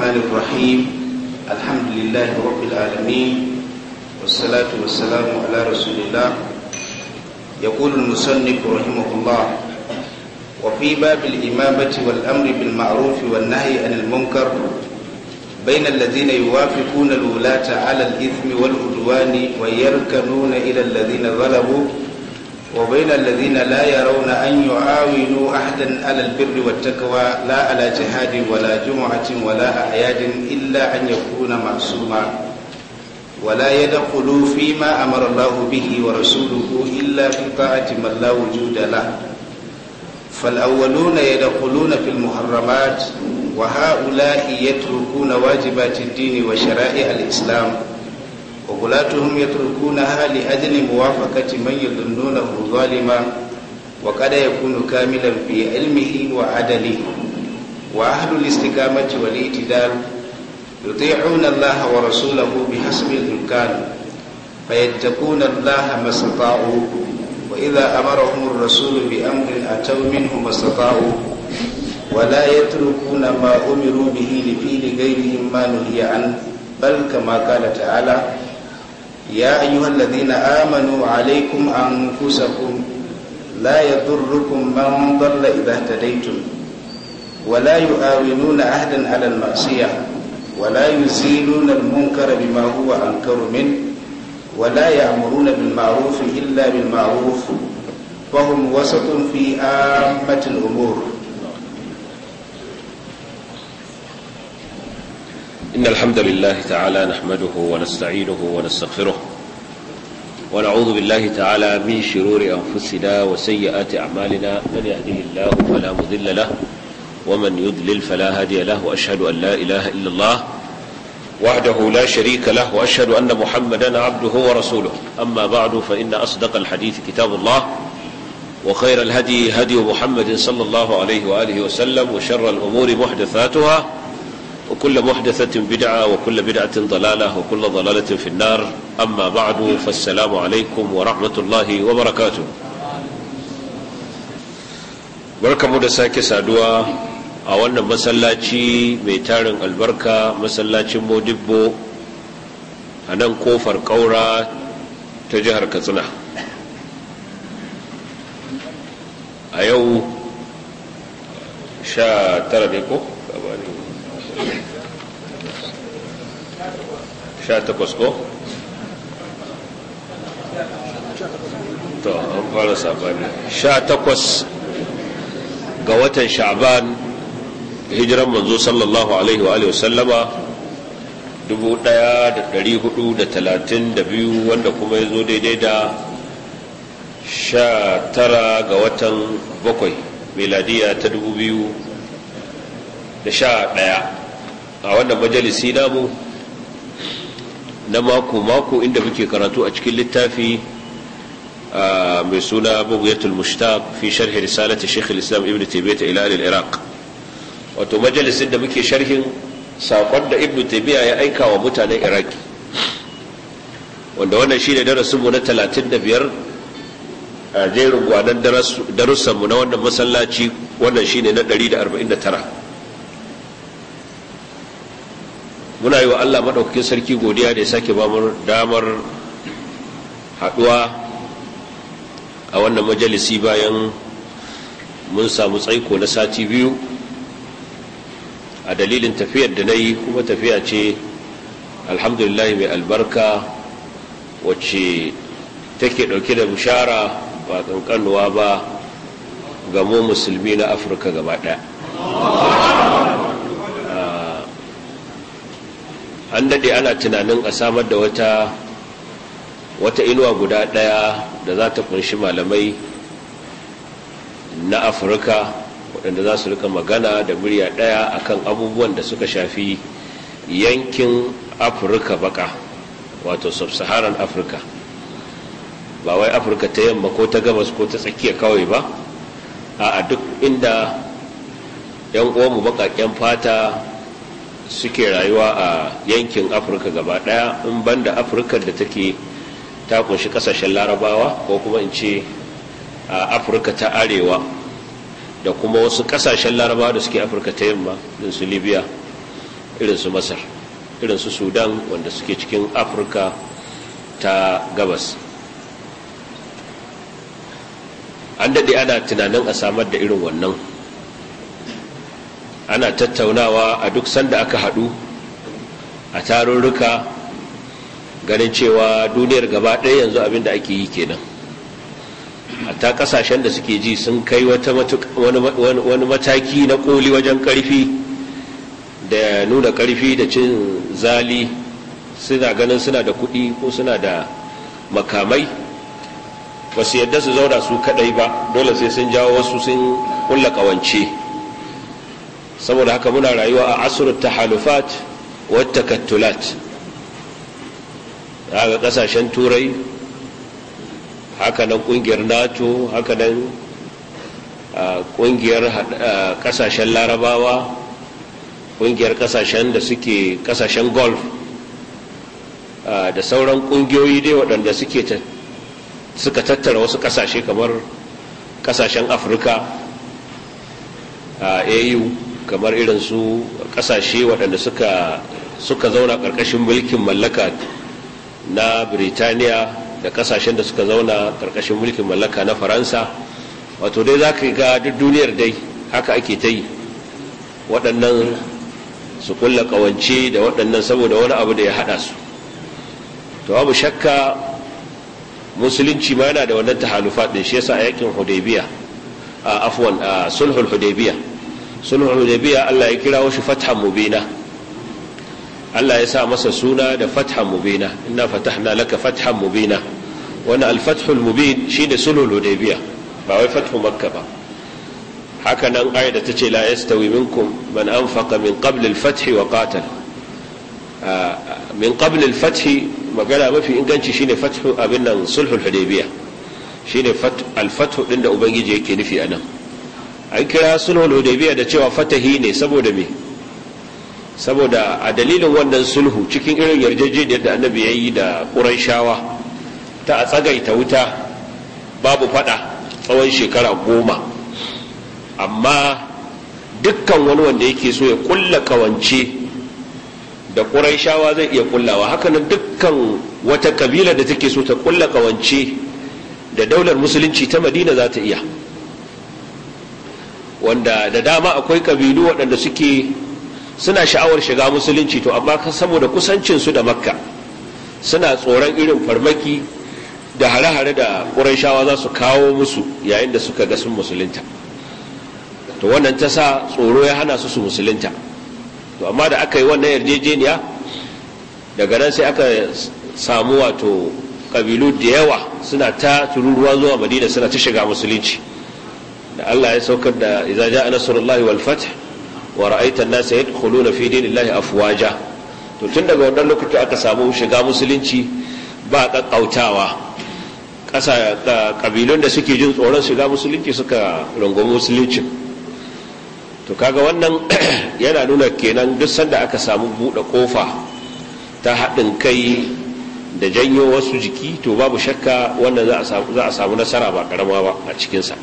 الرحمن الرحيم الحمد لله رب العالمين والصلاة والسلام على رسول الله يقول المصنف رحمه الله وفي باب الإمامة والأمر بالمعروف والنهي عن المنكر بين الذين يوافقون الولاة على الإثم والعدوان ويركنون إلى الذين ظلموا وبين الذين لا يرون أن يعاونوا أحدا على البر والتقوى لا على جهاد ولا جمعة ولا أعياد إلا أن يكون معصوما ولا يدخلوا فيما أمر الله به ورسوله إلا في طاعة من لا وجود له فالأولون يدخلون في المحرمات وهؤلاء يتركون واجبات الدين وشرائع الإسلام وغلاتهم يتركونها لأجل موافقة من يظنونه ظالما وقد يكون كاملا في علمه وعدله وأهل الاستقامة والاعتدال يطيعون الله ورسوله بحسب الإمكان فيتقون الله ما استطاعوا وإذا أمرهم الرسول بأمر أتوا منه ما استطاعوا ولا يتركون ما أمروا به لفعل غيرهم ما نهي عنه بل كما قال تعالى يا أيها الذين آمنوا عليكم أنفسكم لا يضركم من ضل إذا اهتديتم ولا يؤاونون أحدا على المعصية ولا يزيلون المنكر بما هو أنكر منه ولا يأمرون بالمعروف إلا بالمعروف فهم وسط في عامة الأمور إن الحمد لله تعالى نحمده ونستعينه ونستغفره ونعوذ بالله تعالى من شرور أنفسنا وسيئات أعمالنا من يهده الله فلا مذل له ومن يضلل فلا هادي له وأشهد أن لا إله إلا الله وحده لا شريك له وأشهد أن محمدا عبده ورسوله أما بعد فإن أصدق الحديث كتاب الله وخير الهدي هدي محمد صلى الله عليه وآله وسلم وشر الأمور محدثاتها وكل محدثة بدعة وكل بدعة ضلالة وكل ضلالة في النار أما بعد فالسلام عليكم ورحمة الله وبركاته بركة مدساك سادوا أولا مسلاتي ميتارن البركة مسلاتي مودبو أنا كوفر كورا تجهر كتنا أيو شا ترى sha takwas ko? to an fara sabani sha takwas ga watan sha'ban hijiran manzo sallallahu alaihi wa alihi sallama 1432 wanda kuma ya zo daidai da sha tara ga watan bakwai meladiya ta 2011 a wannan majalisi namu na mako-mako inda muke karatu a cikin littafi mai suna bugiyatul mushtaq fi sharhi risalati shekhar islam ibn ta ila iraq wato majalisin da muke sharhin saƙon da ibn tabiya ya aika wa mutanen iraki wanda wannan shi ne darasinmu na 35 a jerin gwanon darussanmu na wannan masallaci wannan shi ne na 149 muna yi wa Allah maɗaukakin sarki godiya da ya sake ba damar haɗuwa a wannan majalisi bayan mun samu tsaiko na sati biyu a dalilin tafiyar da na yi kuma tafiya ce alhamdulillah mai albarka wacce take ɗauke da bishara ba ƙanƙanuwa ba ga mu musulmi na afirka gaba ɗaya an daɗe ana tunanin a samar da wata wata inuwa guda ɗaya da za ta kunshi malamai na afirka waɗanda za su rika magana da murya ɗaya akan abubuwan da suka shafi yankin afirka baka wato sub-saharan afirka ba wai afirka ta yamma ko ta gabas ko ta tsakiya kawai ba a duk inda 'yan uwanmu baƙaƙen fata suke rayuwa a yankin afirka gaba daya in banda afirka da take ta kunshi kasashen larabawa ko kuma in ce a afirka ta arewa da kuma wasu kasashen larabawa da suke afirka ta yamma irin su libya irin su masar irin su sudan wanda suke cikin afirka ta gabas an daɗe ana tunanin a samar da irin wannan ana tattaunawa a duk sanda aka haɗu a tarurruka ganin cewa duniyar gaba ɗaya yanzu abin da ake yi kenan hatta ƙasashen da suke ji sun kai wani mataki na ƙoli wajen ƙarfi da nuna ƙarfi da cin zali suna ganin suna da kuɗi ko suna da makamai ba su yadda su zauna su kaɗai ba dole sai sun jawo wasu sun ƙulla ƙawance saboda haka muna rayuwa a asrut tahalufat wa a ga kasashen turai haka nan kungiyar nato haka nan kungiyar kasashen larabawa kungiyar kasashen da suke kasashen golf da sauran kungiyoyi dai waɗanda suke suka tattara wasu kasashe kamar kasashen afirka au kamar irin su kasashe waɗanda suka suka zauna ƙarƙashin mulkin mallaka na Birtaniya da kasashen da suka zauna ƙarƙashin mulkin mallaka na Faransa wato dai za ka ga duk duniyar dai haka ake ta yi waɗannan su kulla ƙawance da waɗannan saboda wani abu da ya haɗa su to babu shakka musulunci ma yana da wannan tahalufa ɗin shi yasa a yakin hudaybiya a afwan a sulhul hudaybiya sulhul hudabiya Allah ya kirawo shi fathan mubina Allah ya sa masa suna da fathan mubina ina fatahna laka fathan mubina wani al-fathul mubin shine sulhul hudabiya ba wai fathu makka ba haka nan ayat da tace la yastawi minkum man anfaqa min qabl al wa qatal min qabl al-fath magana mafi inganci shine fathu abin nan sulhul hudaybiya shine al-fath din da ubangiji yake nufi anan an kira sulhul hudaybiya da cewa fatahi ne saboda me saboda a dalilin wannan sulhu cikin irin yarjejeniyar da annabi ya yi da ƙurayshawa ta a tsagaita wuta babu fada tsawon shekara goma amma dukkan wani wanda yake so ya kulla kawance da ƙurayshawa zai iya kullawa hakanan dukkan wata kabila da take so ta kulla kawance da daular musulunci ta madina za ta iya wanda da dama akwai kabilu waɗanda suke suna sha'awar shiga musulunci to amma saboda su da makka suna tsoron irin farmaki da hare-hare da shawa za su kawo musu yayin da suka ga sun musulunta to wannan ta sa tsoro ya hana su su musulunta to amma da aka yi wannan yarjejeniya daga nan sai aka samu wato kabilu da yawa suna ta tururuwa zuwa madina suna ta shiga musulunci da Allah ya saukar da idza jaa nasrullahi wal fath wa ra'aita an nas yadkhuluna fi dinillahi afwaja to tun daga wannan lokaci aka samu shiga musulunci ba kakkautawa ƙasa kabilun da suke jin tsoron shiga musulunci suka rungumi musulunci to kaga wannan yana nuna kenan duk sanda aka samu buɗe kofa ta haɗin kai da janyo wasu jiki to babu shakka wannan za a samu nasara ba karama ba a cikinsa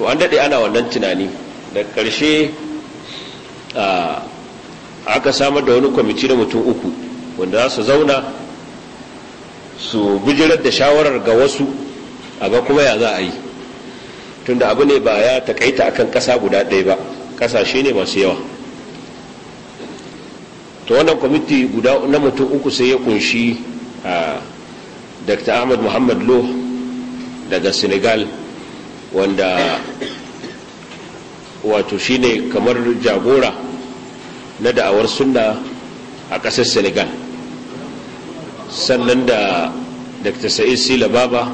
to an daɗe ana wannan tunani da ƙarshe aka samar da wani kwamiti na mutum uku wanda za su zauna su bijirar da shawarar ga wasu a ga kuma ya za a yi tunda abu ne ba ya takaita akan ƙasa guda ɗaya ba ƙasashe ne masu yawa to wannan kwamiti guda na mutum uku sai ya kunshi dr ahmad muhammad lo daga senegal wanda wato shi ne kamar jagora na da'awar sunna a ƙasar senegal sannan da dr sa'id sila baba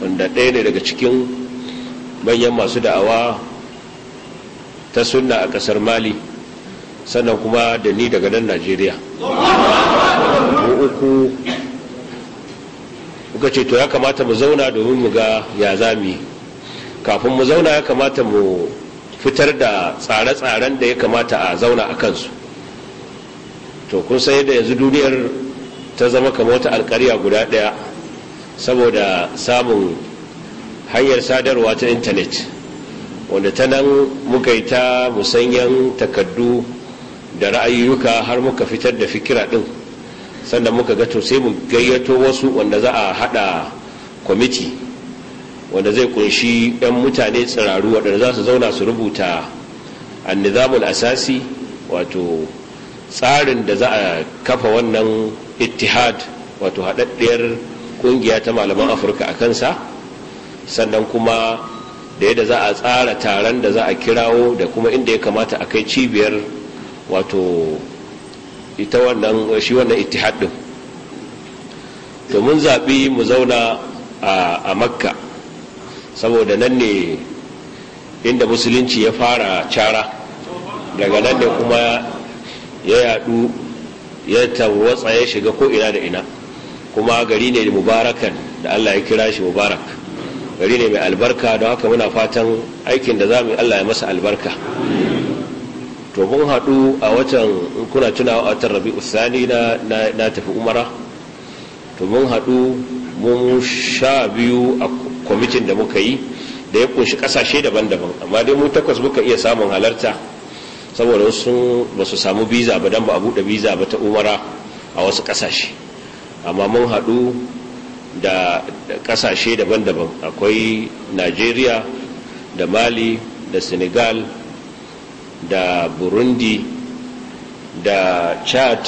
wanda ɗaya ne daga cikin manyan masu da'awa ta sunna a ƙasar mali sannan kuma da ni daga nan najeriya uku kuka ce to ya kamata mu zauna domin mu ga ya yi kafin mu zauna ya kamata mu fitar da tsare-tsaren da ya kamata a zauna a kansu to kun sai da yanzu duniyar ta zama kamar wata alkariya guda ɗaya saboda samun hanyar sadarwa ta intanet wanda ta nan muka yi ta musanyen takaddu da ra'ayyuka har muka fitar da fikira ɗin sannan muka ga to sai mu gayyato wasu wanda za a haɗa kwamiti wanda zai kunshi 'yan mutane tsiraru waɗanda za su zauna su rubuta annizamul asasi wato tsarin da za a kafa wannan itihad wato haɗaɗɗiyar ƙungiya ta malaman afirka a kansa sannan kuma da yadda za a tsara taron da za a kirawo da kuma inda ya kamata a kai cibiyar wato ita wannan shi wannan ittihad ɗin to mun zaɓi mu zauna a makka saboda nan ne inda musulunci ya fara cara daga nan ne kuma ya yadu ya tarwatsa ya shiga ko ina da ina kuma gari ne mubarakan da Allah ya kira shi mubarak gari ne mai albarka don haka muna fatan aikin da zamu Allah ya masa albarka to mun haɗu a watan kuna tuna a watan rabi'u sani na na tafi umara to mun haɗu mun sha biyu a kwamitin da muka yi da ya kunshi kasashe daban-daban amma dai mu takwas muka iya samun halarta saboda wasu ba su samu biza ba don ba a buɗe biza ba ta umara a wasu kasashe amma mun haɗu da kasashe daban-daban akwai nigeria da mali da senegal da burundi da chad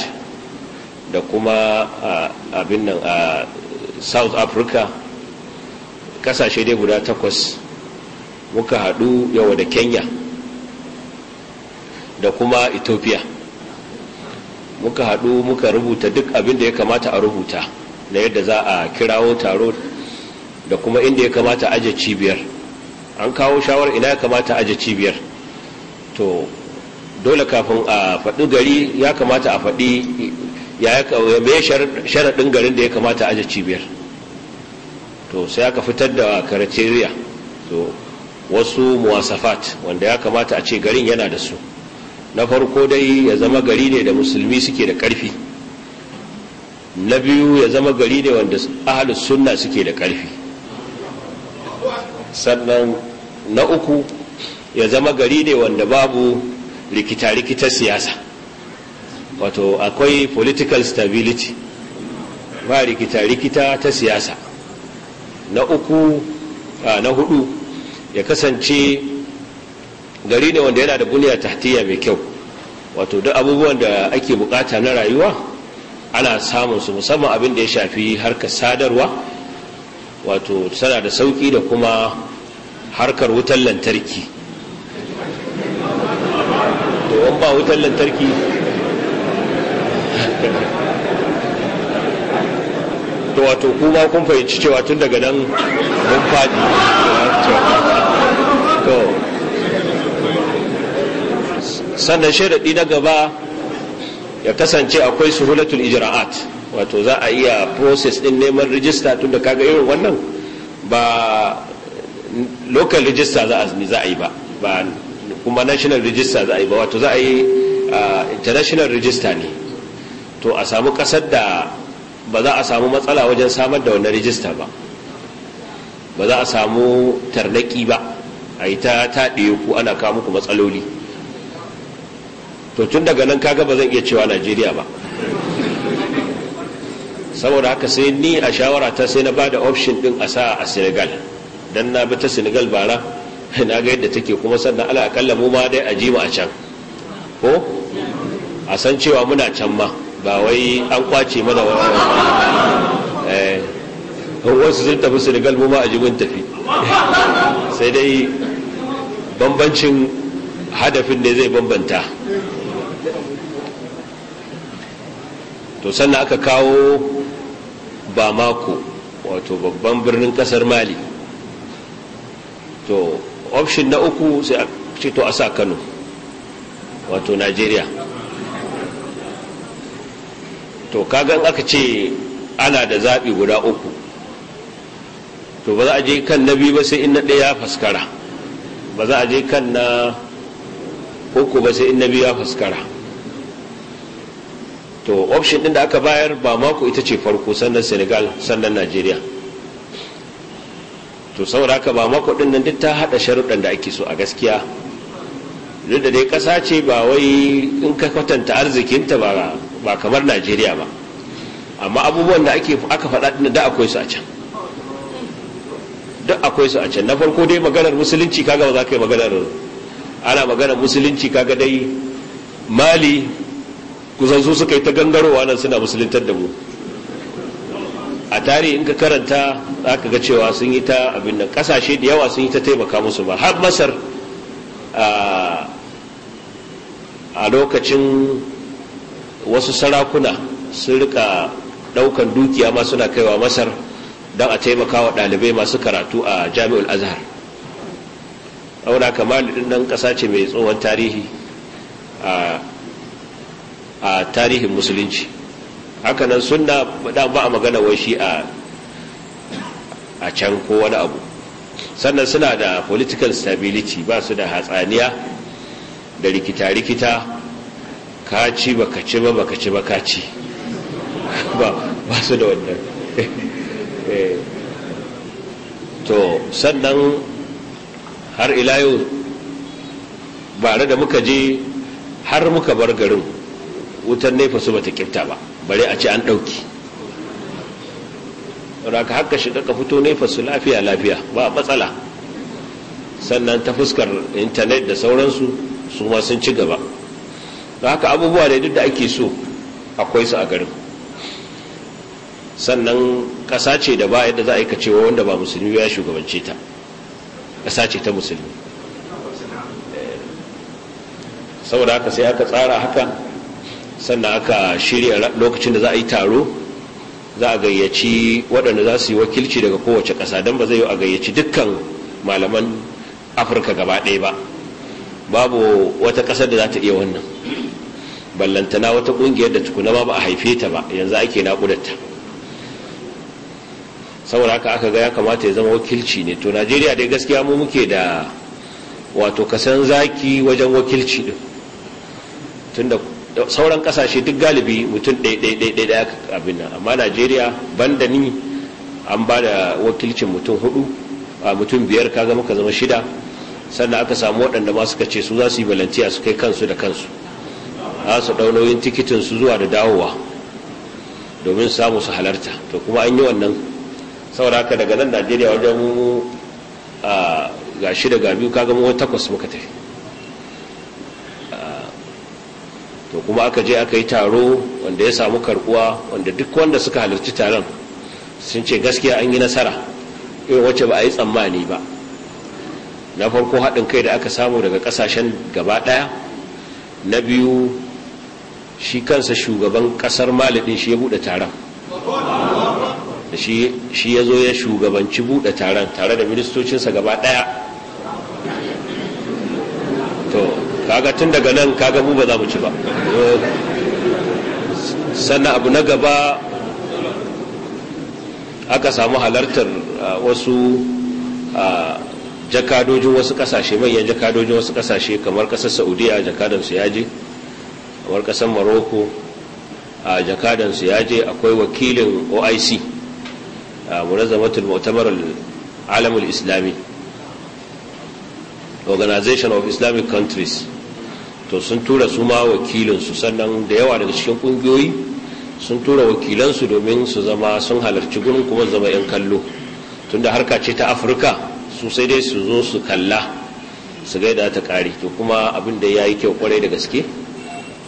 da kuma ah, abin nan a ah, south africa kasashe dai guda takwas muka haɗu yau da kenya da kuma ethiopia muka haɗu muka rubuta duk abin da ya kamata a rubuta na yadda za a kirawo taro da kuma inda ya kamata aje cibiyar an kawo shawar ina ya kamata aje cibiyar to dole kafin a faɗi gari ya kamata a faɗi ya sharaɗin garin da ya kamata aje cibiyar to sai aka fitar da criteria to wasu muwasafat wanda ya kamata a ce garin yana da su na farko dai ya zama gari ne da musulmi suke da ƙarfi na biyu ya zama gari ne wanda ahalus sunna suke da ƙarfi sannan na uku ya zama gari ne wanda babu rikita-rikitar siyasa wato akwai political stability ba rikita-rikita ta siyasa na uku na hudu ya kasance gari ne wanda yana da buniya tahtiya mai kyau wato duk abubuwan da ake bukata na rayuwa ana samun su musamman abin da ya shafi harkar sadarwa wato tana da sauki da kuma harkar wutar lantarki to ba wutar lantarki to wato kuma kun fahimci cewa tun daga nan mun faɗi to sannan sharaɗi na gaba ya kasance akwai suhulatul ijra'at wato za a iya process din neman rijista tun da kaga irin wannan ba local register za a yi ba ba kuma national register za a yi ba wato za a yi ah, international register ne to a samu kasar da ba za a samu matsala wajen samar da wannan rijista ba ba za a samu tarnaki ba a yi ta taɗe ku ana kawo muku matsaloli to tun daga nan kaga ba zan iya cewa najeriya ba saboda haka sai ni a shawara ta sai na ba da option ɗin a sa a senegal don na bi ta senegal bara na ga yadda take kuma sannan ala akalla mu ma dai a mu a can ko a san cewa muna can ma ba wai an kwace mana wani eh, wasu sun tafi senegal mu ma a jimin tafi sai dai bambancin hadafin ne zai bambanta to sannan aka kawo bamako wato babban birnin kasar mali to option na uku sai a ce to a sa kano wato nigeria to kagan aka ce ana da zaɓi guda uku to ba za a je kan na biyu ba sai in na ɗaya ya faskara ba za a je kan na uku ba sai in na biyu ya faskara to option ɗin da aka bayar ba mako ita ce farko sannan senegal sannan najeriya to saboda haka ba mako ɗin nan duk ta haɗa sharuɗan da ake so a gaskiya duk da dai ƙasa ce ba wai in ka kwatanta arzikinta ba ba kamar najeriya ba amma abubuwan da aka faɗa da akwai su a can duk akwai su a can na farko dai maganar musulunci kaga ba za ka yi maganar ana maganar musulunci kaga dai mali kusan su suka yi ta gangarowa nan suna musuluntar da mu a tarihi in ka karanta za ka ga cewa sun yi ta abin nan kasashe da yawa sun yi ta taimaka musu ba har masar a lokacin wasu sarakuna sun rika daukan dukiya ma suna kaiwa masar don a taimaka wa ɗalibai masu karatu a jami'ul azhar auna kamar ɗin nan ƙasa ce mai tsohon tarihi a tarihin musulunci hakanan suna da ba a magana waishi a can ko wani abu sannan suna da political stability ba su da hatsaniya da rikita-rikita ka ci ba ka ci ba ba ka ci ba ka ba su da wannan eh. to sannan har ila yau da muka je har muka bar garin wutar nefa su bata kifta ba bare a ci an ɗauki raka haka shiga ka fito nefa su lafiya lafiya ba matsala sannan ta fuskar intanet da sauransu su ma sun ci gaba don haka abubuwa da duk da ake so akwai su a garin sannan kasa ce da ba yadda za a yi kacewa wanda ba musulmi ya shugabance ta ƙasa ce ta musulmi saboda haka sai aka tsara haka sannan aka shirya lokacin da za a yi taro za a gayyaci waɗanda za su yi wakilci daga kowace ƙasa don ba zai yi a gayyaci dukkan malaman afirka gaba ɗaya ba babu wata ƙasar da za ta iya wannan ballantana wata kungiyar da tukuna ba a haife ta ba yanzu ake nakudatta saboda haka aka ga ya kamata ya zama wakilci ne to najeriya dai gaskiya mu muke da wato kasan zaki wajen wakilci din tunda sauran kasashe duk galibi mutum ɗaya abin nan amma najeriya banda ni an ba da wakilcin mutum hudu a mutum biyar kaga muka zama shida sannan aka samu waɗanda ma suka ce su za su yi balantiya su kai kansu da kansu za su ɗau nauyin tikitin su zuwa da dawowa domin samu su halarta to kuma an yi wannan saboda haka daga nan najeriya wajen a ga shida ga biyu kaga mu takwas muka tafi to kuma aka je aka yi taro wanda ya samu karbuwa wanda duk wanda suka halarci taron sun ce gaskiya an yi nasara irin eh, wacce ba a yi tsammani ba na farko haɗin kai da aka samu daga ƙasashen gaba ɗaya na biyu shi kansa shugaban kasar mali din shi ya bude taron shi ya zo ya shugabanci bude taron tare da ministocinsa gaba daya to kaga tun daga nan kaga mu ba za mu ci ba sannan abu na gaba aka samu halartar ah, wasu ah, jakadojin wasu kasashe manyan jakadojin wasu kasashe kamar kasar saudiya jakadansu ya je kamar kasar morocco a jakadansu ya je akwai wakilin oic a munazzamatul mu'tamar alamul islami organization of islamic countries to sun tura su ma wakilinsu sannan da yawa daga cikin kungiyoyi sun tura wakilansu domin su zama sun halarci gurin kuma zama 'yan kallo tunda harka ce ta afirka su sai dai su zo su kalla su gaida ta kare to kuma abin da ya yi kyau kwarai da gaske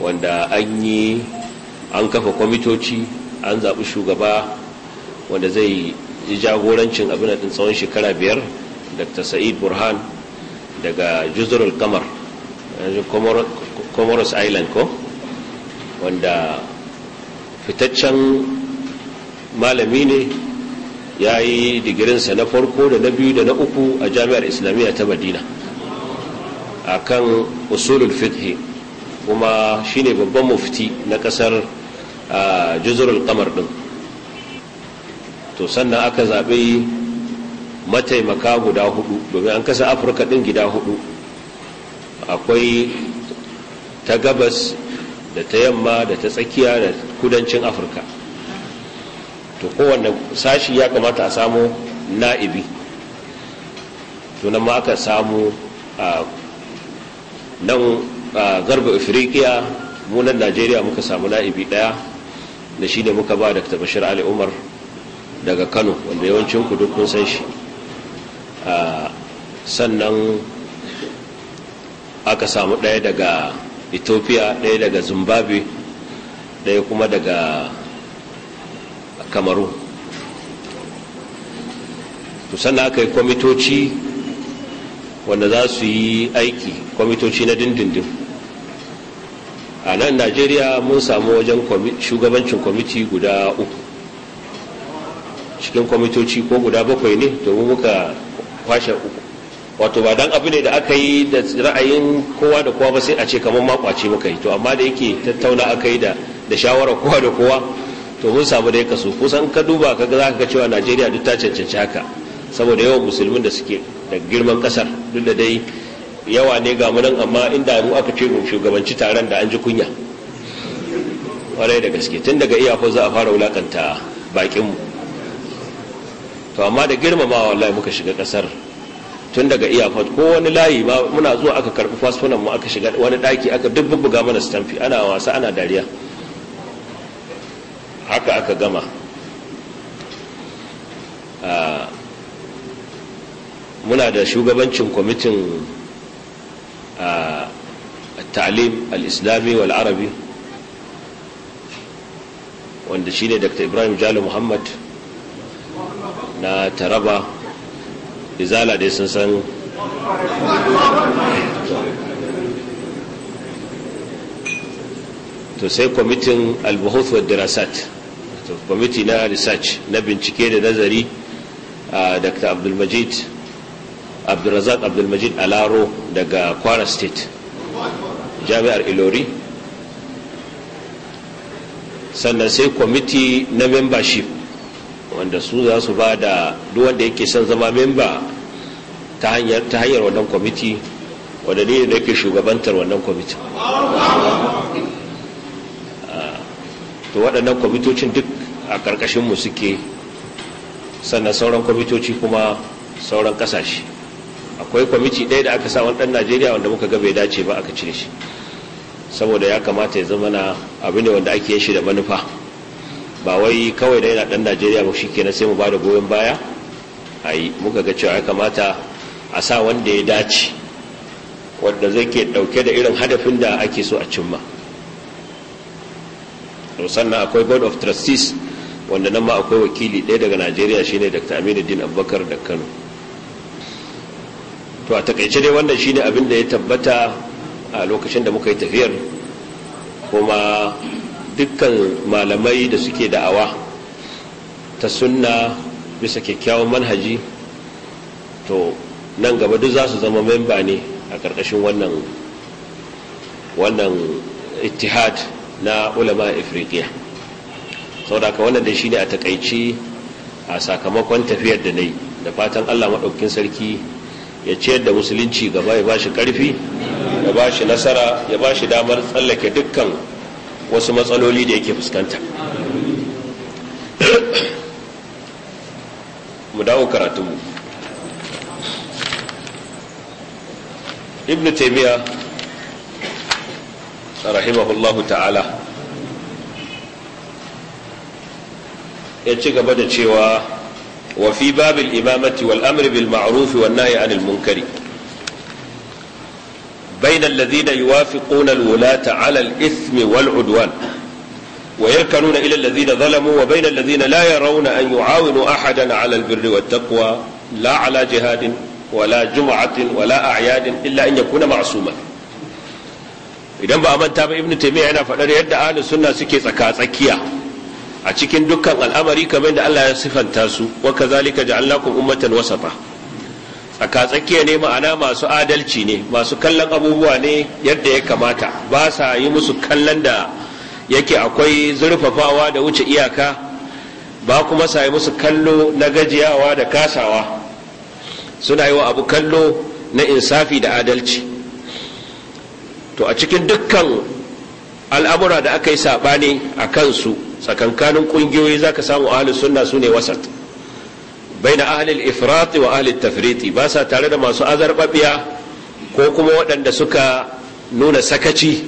wanda an yi an kafa kwamitoci an zaɓi shugaba wanda zai yi jagorancin abin ɗin tsawon shekara biyar dr sa'id burhan daga juzurul kamar comoros island ko wanda fitaccen malami ne ya yi digirinsa na farko da na biyu da na uku a jami'ar islamiyya ta madina a kan usulul fithi kuma shine babban mufti na kasar juzurul kamar din to sannan aka zaɓi mataimaka guda hudu domin an kasa afirka din gida hudu akwai ta gabas da ta yamma da ta tsakiya da kudancin afirka to kowane sashi ya kamata a samu na'ibi tunan ma aka samu a nan a garba afirikiya munan najeriya muka samu na'ibi daya da shi ne muka ba da bashir ali umar daga kano wanda yawancin ku duk kun san shi sannan aka samu ɗaya daga ethiopia ɗaya daga zimbabwe ɗaya kuma daga kamaru sannan aka yi kwamitoci wanda za su yi aiki kwamitoci na dindindin a nan najeriya mun samu wajen shugabancin kwamiti guda uku cikin kwamitoci ko guda bakwai ne domin muka kwashe uku wato ba dan abu ne da aka yi da ra'ayin kowa da kowa ba sai a ce kamar makwace muka yi to amma da yake tattauna aka yi da da shawarar kowa da kowa to mun samu da ya kaso kusan ka duba ka ga zaka ga cewa Najeriya duk ta cancanci haka saboda yawan musulmin da suke da girman kasar duk da dai yawa ne ga munan amma inda mu aka ce mu shugabanci taron da an ji kunya kwarai da gaske tun daga iyakon za a fara wulakanta bakinmu to amma da girmamawa wallahi muka shiga kasar tun daga iyakon ko wani layi ba muna zuwa aka karbi fasfunan mu aka shiga wani daki aka dubbuga mana stamfi ana wasa ana dariya haka aka gama ah, muna da shugabancin kwamitin التعليم الإسلامي والعربي وان دشيني دكتور إبراهيم جالو محمد نا taraba إزالة دي سنسان to sai kwamitin albuhuth wa dirasat kwamiti na research na bincike da nazari a dr abdulmajid abdulrazak abdulmajid alaro daga kwara state jami'ar ilori sannan sai kwamiti na membership wanda su za su ba da duwanda yake son zama memba ta hanyar wannan kwamiti wanda ne da yake shugabantar wannan kwamiti ah, to waɗannan kwamitocin duk a ƙarƙashinmu suke sannan sauran kwamitoci kuma sauran ƙasashe akwai kwamiti ɗaya da aka sa wani ɗan najeriya wanda muka ga bai dace ba aka cire shi saboda ya kamata ya zama na abu ne wanda ake shi da manufa ba wai kawai da yana ɗan najeriya ba shi kenan sai mu ba da goyon baya a yi muka ga cewa ya kamata a sa wanda ya dace wanda zai ke ɗauke da irin hadafin da ake so a cimma sannan akwai board of trustees wanda nan ma akwai wakili ɗaya daga najeriya shine dr aminu din abubakar da kano to a takaice dai wannan shine abin da ya tabbata a lokacin da muka yi tafiyar kuma dukkan malamai da suke da'awa ta sunna bisa kyakkyawan manhaji to nan gaba duk za su zama memba ne a ƙarƙashin wannan wannan ittihad na ulama sau da aka wannan da shi ne a takaici a sakamakon tafiyar da na yi da fatan allah maɗaukin sarki ya ciyar da musulunci gaba ya bashi karfi ya bashi nasara ya bashi damar tsallake dukkan wasu matsaloli da yake fuskanta mu dawo karatunmu ibn taimiyya rahimahullahu ta'ala ya ci gaba da cewa wa fi babil imamati wal amri bil ma'ruf wan nahyi anil munkari بين الذين يوافقون الولاة على الإثم والعدوان ويركنون إلى الذين ظلموا وبين الذين لا يرون أن يعاونوا أحدا على البر والتقوى لا على جهاد ولا جمعة ولا أعياد إلا أن يكون معصوما idan ba a manta ba ibnu taymiya yana faɗar yadda ahlus sunna suke tsaka tsakiya a cikin dukkan al'amari kamar da Allah ya sifanta su wa kazalika ja'alnakum ummatan wasafa tsaka tsakiya ne ma'ana masu adalci ne masu kallon abubuwa ne yadda ya kamata ba sa yi musu kallon da yake akwai zurfafawa da wuce iyaka ba kuma sa yi musu kallo na gajiyawa da kasawa suna yi wa abu kallo na insafi da adalci to a cikin dukkan al'amura da aka yi saɓani a kansu tsakankanin kungiyoyi zaka samu ahlus sunna su ne wasat baina ahalin ifrati wa ahalin tafriti ba sa tare da masu azarbabiya ko kuma waɗanda suka nuna sakaci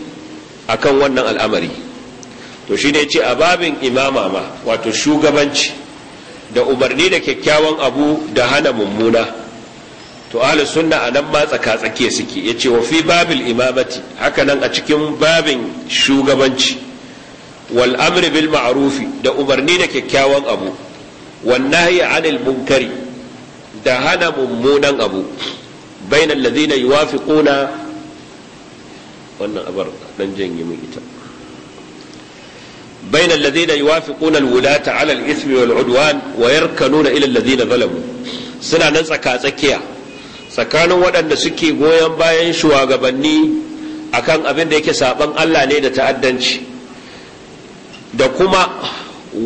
akan wannan al'amari to shi ne ce a babin imama ma wato shugabanci da umarni da kyakkyawan abu da hana mummuna to ahlus sunna a nan ma tsaka-tsake suke ya ce wa fi babil imamati haka nan a cikin babin shugabanci wal amri bil ma'arufi da umarni da kyakkyawan abu wan nahyi anil munkari da hana mummunan abu bainal ladina yuwafiquna wannan abar dan بين الذين يوافقون الولاة على الإثم والعدوان ويركنون إلى الذين ظلموا نسكا goyon bayan shugabanni akan abin da yake saban Allah ne da ta'addanci da kuma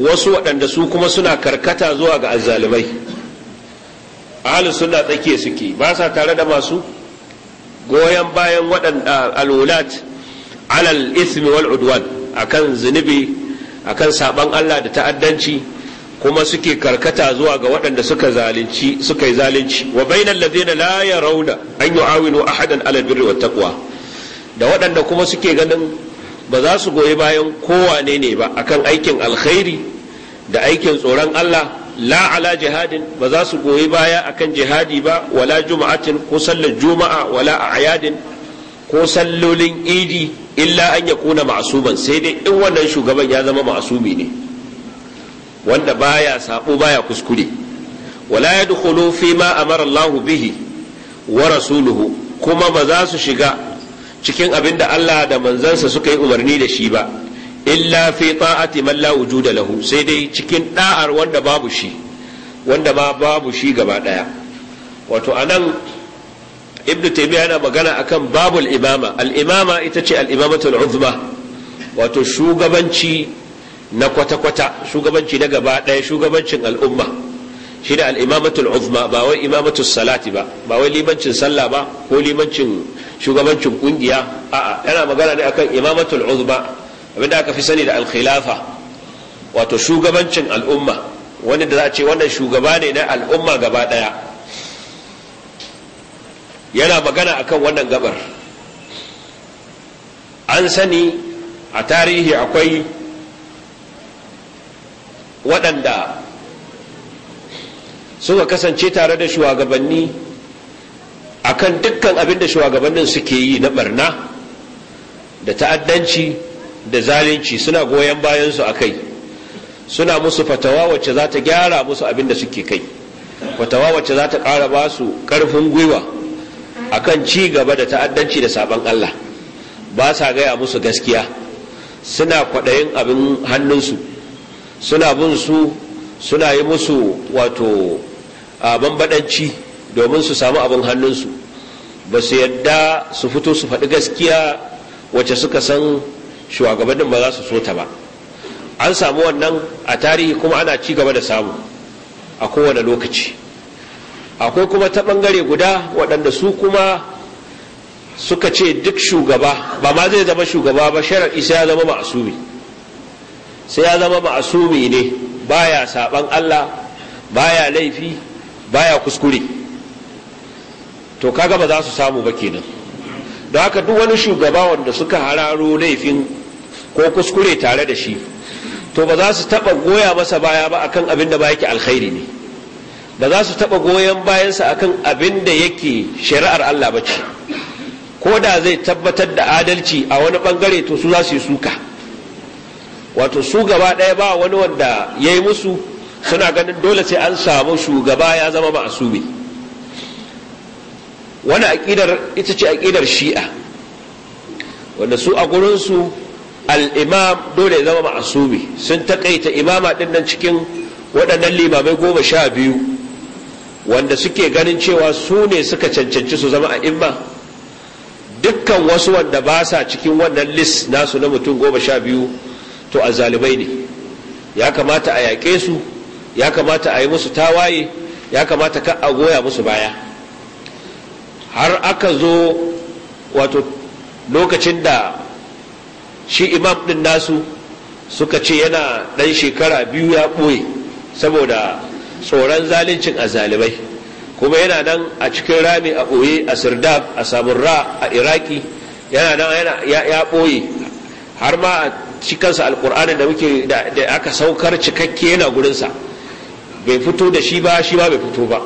wasu waɗanda su kuma suna karkata zuwa ga azzalumai ahalin suna tsakiya suke ba sa tare da masu goyon bayan waɗanda alwulat alal ismi wal udwan akan zunubi akan saban Allah da ta'addanci kuma suke karkata zuwa ga waɗanda suka zalunci suka yi zalunci wa bainal ladina la yarawna an yu'awinu ahadan ala birri wat taqwa da waɗanda kuma suke ganin ba za su goyi bayan kowane ne ba akan aikin alkhairi da aikin tsoron Allah la ala jihadin ba za su goyi baya akan jihadi ba wala juma'atin ko sallar juma'a wala a'yadin ko sallolin idi illa an ya kuna ma'asuban sai dai in wannan shugaban ya zama ma'asumi ne wanda baya sabo baya kuskure wala ya fi ma amara Allah bihi wa rasuluhu kuma ba za su shiga cikin abin da Allah da manzansa suka yi umarni da shi ba illa fi ta'ati man la wujuda lahu sai dai cikin da'ar wanda babu shi wanda ma babu shi gaba daya wato anan ibnu taymiya yana magana akan babul imama al imama ita ce al imamatul uzma wato shugabanci na kwata-kwata shugabanci na gaba daya shugabancin al'umma shine al uzma ba wai imamatus salati ba ba wai limancin sallah ba ko limancin shugabancin kungiya a'a yana magana ne akan imamatul uzma abinda aka fi sani da al-khilafa wato shugabancin al'umma Wani da za a ce wannan shugaba ne na al'umma gaba daya yana magana akan wannan gabar an sani a tarihi akwai waɗanda suka kasance tare da shugabanni A kan dukkan abin da shugabannin suke yi na barna da ta'addanci da zalunci suna goyon bayansu a kai suna musu fatawa wacce za ta gyara musu abin da suke kai fatawa wacce za ta ƙara ba su ƙarfin gwiwa akan ci gaba da ta'addanci da sabon Allah ba sa gaya musu gaskiya suna kwaɗayin abin hannunsu suna bin su suna yi musu wato a bambadanci domin su samu abin hannunsu ba su yadda su fito su faɗi gaskiya wacce suka san shugabannin ba za su so ta ba an samu wannan a tarihi kuma ana ci gaba da samu a kowane lokaci akwai kuma ta ɓangare guda waɗanda su kuma suka ce duk shugaba ba ma zai zama shugaba ba shara'i isa ya zama ma'asumi sai ya zama ma'asumi ne baya saban Allah baya laifi baya kuskure to kaga ba za su samu ba kenan don haka duk wani shugaba wanda suka hararo laifin ko kuskure tare da shi to ba za su taba goya masa baya ba akan abin da ba yake alkhairi ne ba za su taba goyon bayansa akan abin da yake shari'ar Allah ba ce ko da zai tabbatar da adalci a wani bangare to su za su yi suka wato su gaba ɗaya ba wani wanda ya yi musu suna ganin dole sai an samu shugaba ya zama ma'asumi wani aƙidar ita ce aƙidar shi'a wanda su a gurinsu al'imam dole ya zama ma'asumi sun taƙaita imama ɗin nan cikin waɗannan limamai goma sha biyu wanda suke ganin cewa su ne suka cancanci su zama a'imma dukkan wasu wanda ba sa cikin wannan list nasu na mutum goma sha biyu to a zalumai ne ya kamata a yaƙe su ya kamata a yi musu tawaye ya kamata ka a goya musu baya har aka zo wato lokacin da shi imam ɗin nasu suka ce yana ɗan shekara biyu ya ɓoye saboda tsoron zalincin zalibai kuma yana nan a cikin rami a ɓoye a sirdab a samurra a iraki yana nan ya ɓoye har ma shi kansa alkur'ani da muke da aka saukar cikakke yana gurinsa bai fito da shi ba shi ba bai fito ba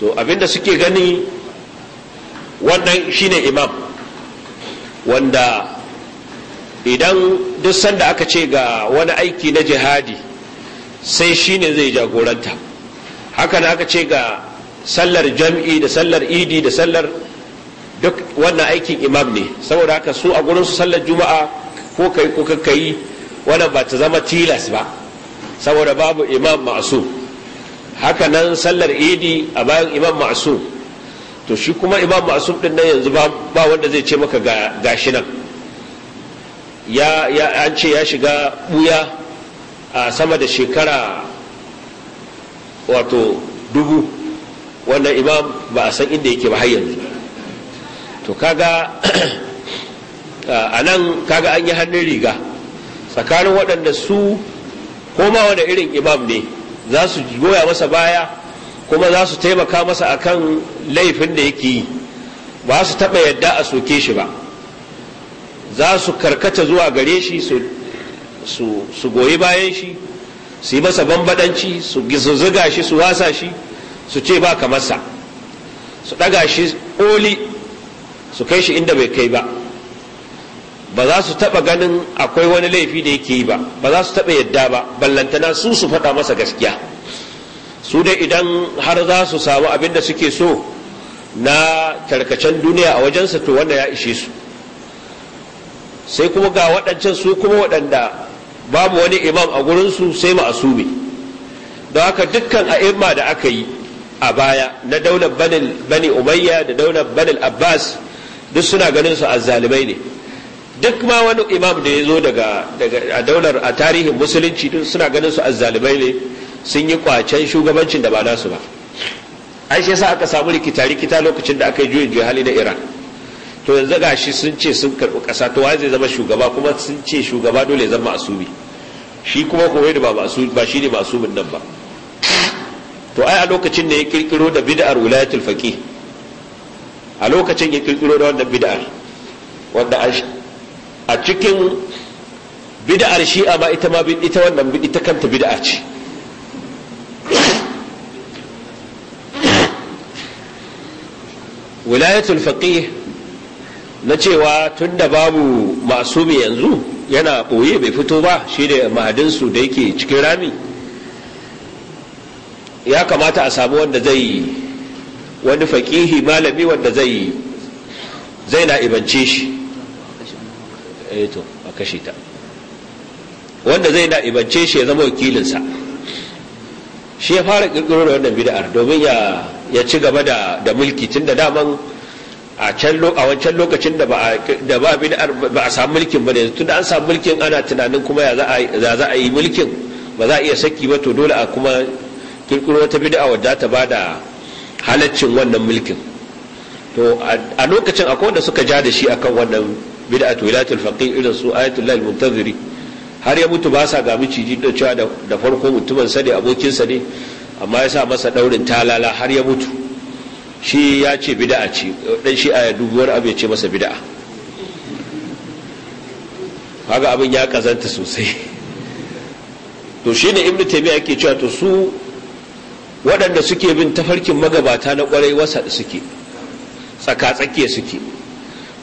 to abinda suke gani wannan shine imam wanda idan duk sanda aka ce ga wani aiki na jihadi sai shine zai jagoranta haka aka ce ga sallar jam'i da sallar idi da sallar duk wannan aikin imam ne saboda haka su a gurinsu sallar juma'a ko kai ko kakka yi wannan ba ta zama tilas ba saboda babu imam ma'sum haka nan sallar idi a bayan imam ma'sum to shi kuma imam ma'sum din nan yanzu ba wanda zai ce maka gashi nan ya an ce ya shiga buya a sama da shekara wato dubu wannan imam ba a san inda yake ba har yanzu to kaga Ah, a nan kaga an yi hannun riga tsakanin waɗanda su koma wani irin imam ne za su goya masa baya kuma za su taimaka masa akan laifin da yake yi ba su taɓa yadda a soke shi ba za su karkata zuwa gare shi su goyi bayan shi su yi masa bambadanci su zuga shi su wasa shi su ce ba ka masa su ɗaga shi ƙoli su kai shi inda bai kai ba ba za su taba ganin akwai wani laifi da yake yi ba ba za su taɓa yadda ba ballantana su su faɗa masa gaskiya su dai idan har za su samu abin da suke so na tarkacen duniya a wajensa to wanda ya ishe su sai kuma ga waɗancan su kuma waɗanda babu wani imam a su sai ma'asumi don haka dukkan a'imma da aka yi a baya na daular bani umayya da daular banil abbas duk suna ganin su azzalimai ne duk ma wani imam da ya zo daga a daular a tarihin musulunci suna ganin su azzalibai ne sun yi kwacen shugabancin da ba nasu ba ai shi yasa aka samu rikita rikita lokacin da aka yi juyin juya hali na iran to yanzu gashi sun ce sun karɓi ƙasa to wai zai zama shugaba kuma sun ce shugaba dole ya zama asubi shi kuma kowai da ba ba shi ne masumin nan ba to ai a lokacin ne ya kirkiro da bid'ar wilayatul faqih a lokacin ya kirkiro da wannan bid'ar wanda a cikin bid'ar shi'a ma ita ma ita wannan ita kanta bid'a ce wilayatul faqih na cewa tun da babu masumi yanzu yana ɓoye bai fito ba shi da mahadinsu da yake cikin rami ya kamata a samu wanda zai wani faƙihi malami wanda zai zai na ibance shi eh a kashe ta wanda zai na ibance shi ya zama wakilinsa shi ya fara kirkiro da wannan bid'ar domin ya ya ci gaba da da mulki tun da daman a can a wancan lokacin da ba da ba bid'ar ba a samu mulkin ba ne tunda an samu mulkin ana tunanin kuma ya za a yi mulkin ba za a iya saki ba to dole a kuma kirkiro wata bid'a wadda ta bada halaccin wannan mulkin to a lokacin akwai wanda suka ja da shi akan wannan bid'atu al faqih irin su ayatul lahi muntaziri har ya mutu ba sa ga miciji da cewa da farko mutumin sa ne abokin sa ne amma ya sa masa daurin talala har ya mutu shi ya ce bid'a ce dan shi a dubuwar abu ya ce masa bid'a haka abin ya kazanta sosai to shi ne ibnu taymiya yake cewa to su waɗanda suke bin tafarkin magabata na kwarai wasa suke tsaka-tsakiya suke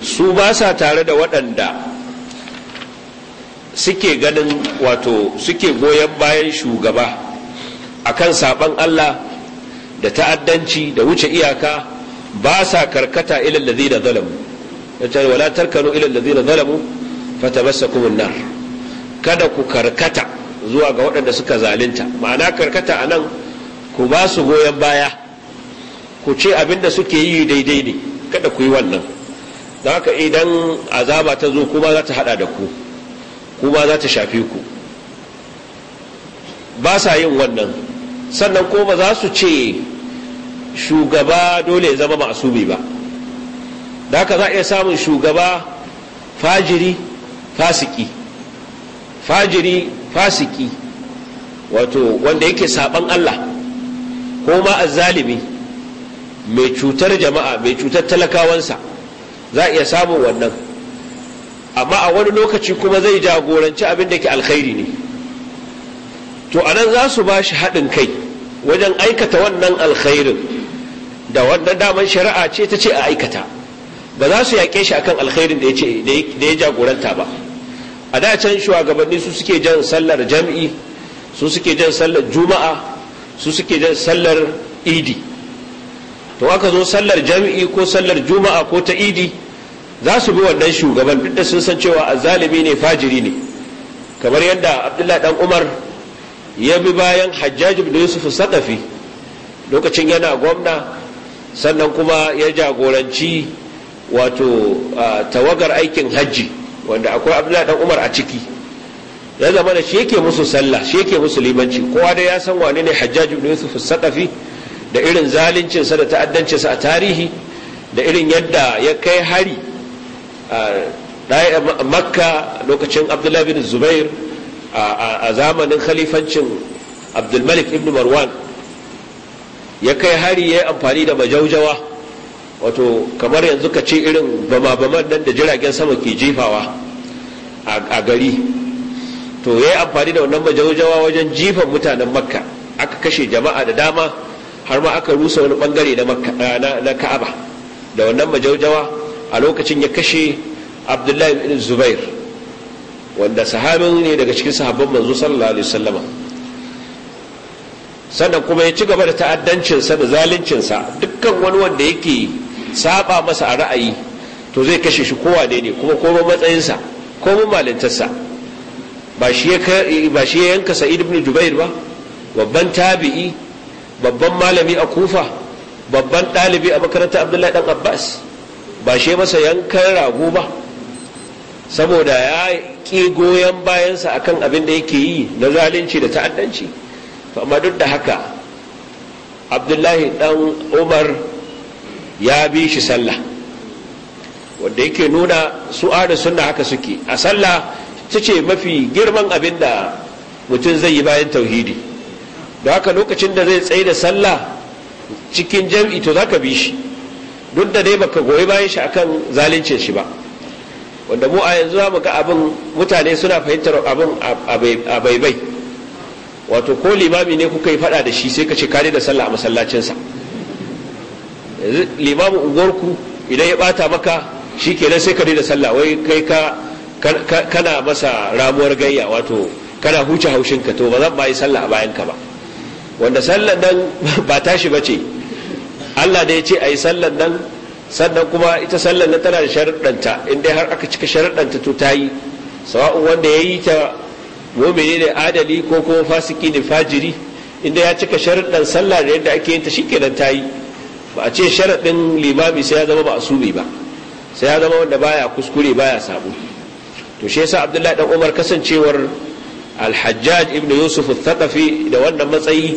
su ba sa tare da waɗanda suke ganin wato suke goyon bayan shugaba a kan saɓon Allah da ta'addanci da wuce iyaka ba sa karkata ilal da zalamu yace wala tarkanu ilal da zalamu fatamassakum an-nar kada ku karkata zuwa ga waɗanda suka zalinta. ma'ana karkata a nan ku ba su goyon baya ku ce abin da suke yi daidai ne kada ku yi wannan da haka idan azaba ta zo kuma za ta hada da ku kuma za ta shafe ku ba sa yin wannan sannan ko ba za su ce shugaba dole ya zama masubi ba da haka za a iya samun shugaba fajiri fasiki fajiri fasiki wato wanda yake saban Allah ko ma azzalimi mai cutar jama'a mai cutar talakawansa za a iya samun wannan amma a wani lokaci kuma zai jagoranci abin da ke alkhairi ne to anan za su ba shi haɗin kai wajen aikata wannan alkhairin da wannan damar shari'a ce ta ce a aikata ba za su yaƙe shi akan alkhairin da ya jagoranta ba a da can shugabanni su suke jan sallar jam'i su suke jan sallar juma'a su suke jan sallar idi to aka zo sallar jam'i ko sallar juma'a ko ta idi za su bi wannan shugaban duk da sun san cewa azzalimi ne fajiri ne kamar yadda abdullahi dan umar ya bi bayan hajjaji da yusuf sakafi lokacin yana gwamna sannan kuma ya jagoranci wato tawagar aikin hajji wanda akwai abdullahi dan umar a ciki ya zama da shi yake musu sallah shi yake musu limanci kowa da ya san wane ne hajjaj da yusuf sakafi da irin zaluncinsa da ta'addancinsa a tarihi da irin yadda ya kai hari makka lokacin abdullahi bin zubair a zamanin khalifancin abdulmalik ibn marwan ya kai hari ya amfani da majaujawa wato kamar yanzu ka ce irin bama-baman nan da jiragen sama ke jefawa a gari to ya yi amfani da wannan majaujawa wajen jifan mutanen makka aka kashe jama'a da dama har ma aka rusa wani bangare na ka'aba da wannan majaujawa a lokacin ya kashe abdullahi bin zubair wanda sahabin ne daga cikin sahabban manzo sallallahu alaihi wasallama sannan kuma ya ci gaba da ta'addancin sa da zaluncinsa dukkan wani wanda yake saba masa a ra'ayi to zai kashe shi kowa ne ne kuma ko mun malintar sa ba shi ya yanka sa'id ibn jubair ba babban tabi'i babban malami a kufa babban ɗalibi a makarantar abdullahi dan abbas ba shi masa yankan rago ba saboda ya ƙi goyon bayansa akan abin da yake yi na zalunci da ta'addanci to amma duk da haka abdullahi dan umar ya bi shi sallah wanda yake nuna su da sunna haka suke a sallah ta ce mafi girman abin da mutum zai yi bayan tauhidi da haka lokacin da zai tsaye da sallah cikin jam'i to za ka bi shi duk da dai baka goyi bayan shi akan zalincin shi ba wanda mu a yanzu za mu ga abin mutane suna fahimtar abin a baibai wato ko limami ne kuka yi fada da shi sai ka ce kare da sallah a masallacinsa yanzu limamin unguwarku idan ya bata maka shi kenan sai ka da sallah wai kai ka kana masa ramuwar gayya wato kana huce haushin ka to ba zan ba sallah a bayanka ba wanda sallah nan ba tashi ba ce Allah da ya ce a yi sallan nan sannan kuma ita sallan nan tana da sharaɗanta in dai har aka cika sharaɗanta to ta yi sawa'un wanda ya yi ta mumini ne adali ko kuma fasiki ne fajiri inda ya cika sharaɗan sallah da yadda ake yin ta shikenan ta yi ba a ce sharaɗin limami sai ya zama ba asumi ba sai ya zama wanda baya kuskure baya sabo to shi yasa abdullahi dan umar kasancewar alhajjaj ibnu yusuf al da wannan matsayi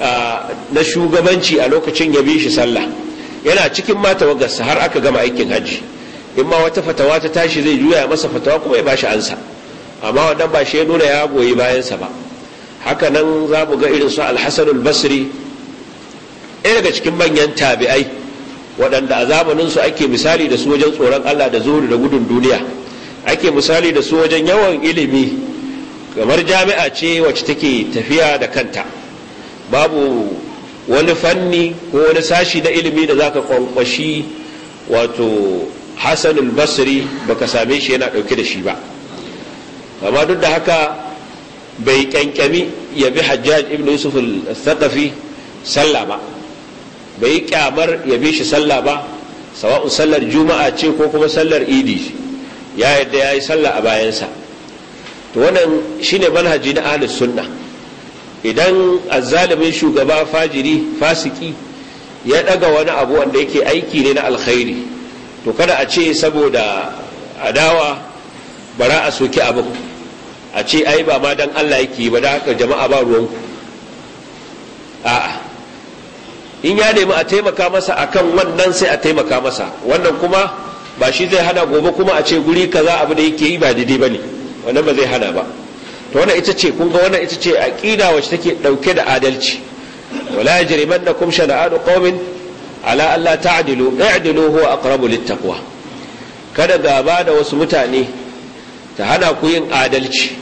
Uh, na shugabanci a lokacin ya bi shi sallah yana cikin mata wagarsa har aka gama aikin hajji in ma wata fatawa ta tashi zai juya masa fatawa kuma ya bashi ansa amma wannan ba shi ya nuna ya goyi bayansa ba haka nan za mu ga irin su alhassanul basri ɗaya daga cikin manyan tabi'ai waɗanda a zamanin su ake misali da su wajen tsoron allah da zuri da gudun duniya ake misali da su wajen yawan ilimi kamar jami'a ce wacce take tafiya da kanta babu wani fanni ko wani sashi da ilimi da zaka kwankwashi wato hasanul basri baka same shi yana dauke da shi ba amma duk da haka bai kyankyami ya bi hajjaj ibn yusuf al-thaqafi sallah ba bai kyamar ya bi shi sallah ba sawa'un sallar juma'a ce ko kuma sallar idi ya yadda ya yi sallah a bayansa to wannan shine manhaji na ahlus sunnah idan azzalimin shugaba fajiri fasiki ya ɗaga wani abu wanda yake aiki ne na alkhairi to kada a ce saboda adawa bara a soki abin a ce ai ba ma dan Allah yake ba da haka jama'a ba ruwanku a'a in ya nemi a taimaka masa akan wannan sai a taimaka masa wannan kuma ba shi zai hana gobe kuma a ce guri kaza abu da yake yi ba daidai bane wannan ba zai hana ba to wannan ita ce kun ga wannan ita ce aqida wacce take dauke da adalci wala yajrimannakum shana'anu qaumin ala alla ta'dilu i'dilu huwa aqrabu littaqwa kada gaba da wasu mutane ta hana ku yin adalci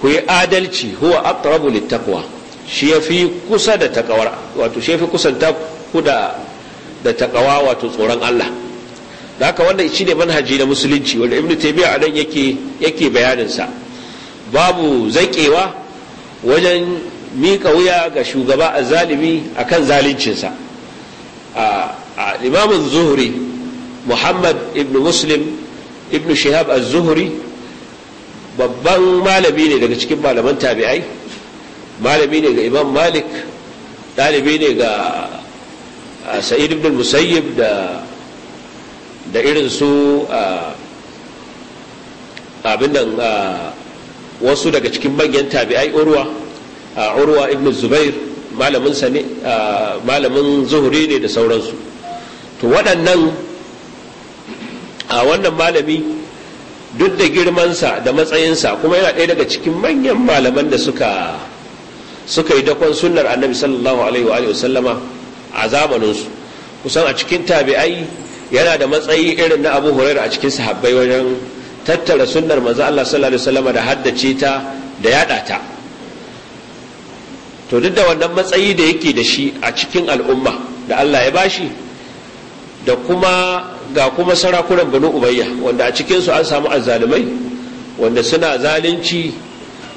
ku yi adalci huwa aqrabu littaqwa shi yafi kusa da takawar wato shi yafi kusanta ku da da takawa wato tsoron Allah da haka wannan ne manhaji na musulunci wanda ibnu taymiya anan yake yake bayanin sa babu zakewa wajen miƙa wuya ga shugaba a kan zaluncinsa a imamun zuhri muhammad ibn muslim ibn shihab az-zuhri babban malami ne daga cikin malaman tabi'ai malami ne ga imam malik ɗalibi ne ga sa'id ibn musayyib da da irin su abinda wasu daga cikin manyan tabi'ai urwa urwa ibn zubair malamin ne, malamin zuhuri ne da sauransu to waɗannan a wannan malami duk da girmansa da matsayinsa kuma yana ɗaya daga cikin manyan malaman da suka suka yi dakon sunnar annabi sallallahu alaihi wa sallama a zamaninsu kusan a cikin tabi'ai yana da matsayi irin na abu hurairu a cikin sahabbai wajen tattara sunnar manzo Allah sallallahu alaihi wasallam da haddace ta da yada ta to duk da wannan matsayi da yake da shi a cikin al'umma da Allah ya bashi da kuma ga kuma sarakunan banu ubayya wanda a cikin su an samu azzalumai wanda suna zalunci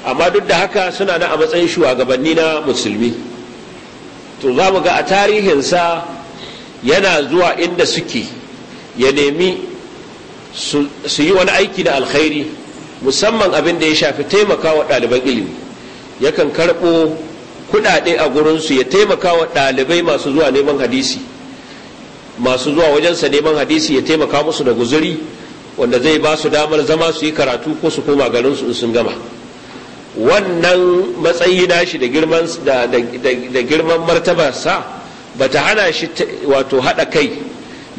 amma duk da haka suna na a matsayin shugabanni na musulmi to za mu ga a tarihinsa yana zuwa inda suke ya nemi su yi wani aiki da alkhairi musamman abin da ya shafi taimaka wa ɗaliban ilimi yakan karɓo kuɗaɗe a gurinsu ya taimaka wa ɗalibai masu zuwa neman hadisi masu zuwa wajensa neman hadisi ya taimaka musu da guzuri wanda zai ba su damar zama su yi karatu ko su koma garinsu in sun gama wannan matsayi nashi da girman da girman martabarsa ba ta hana shi wato haɗa kai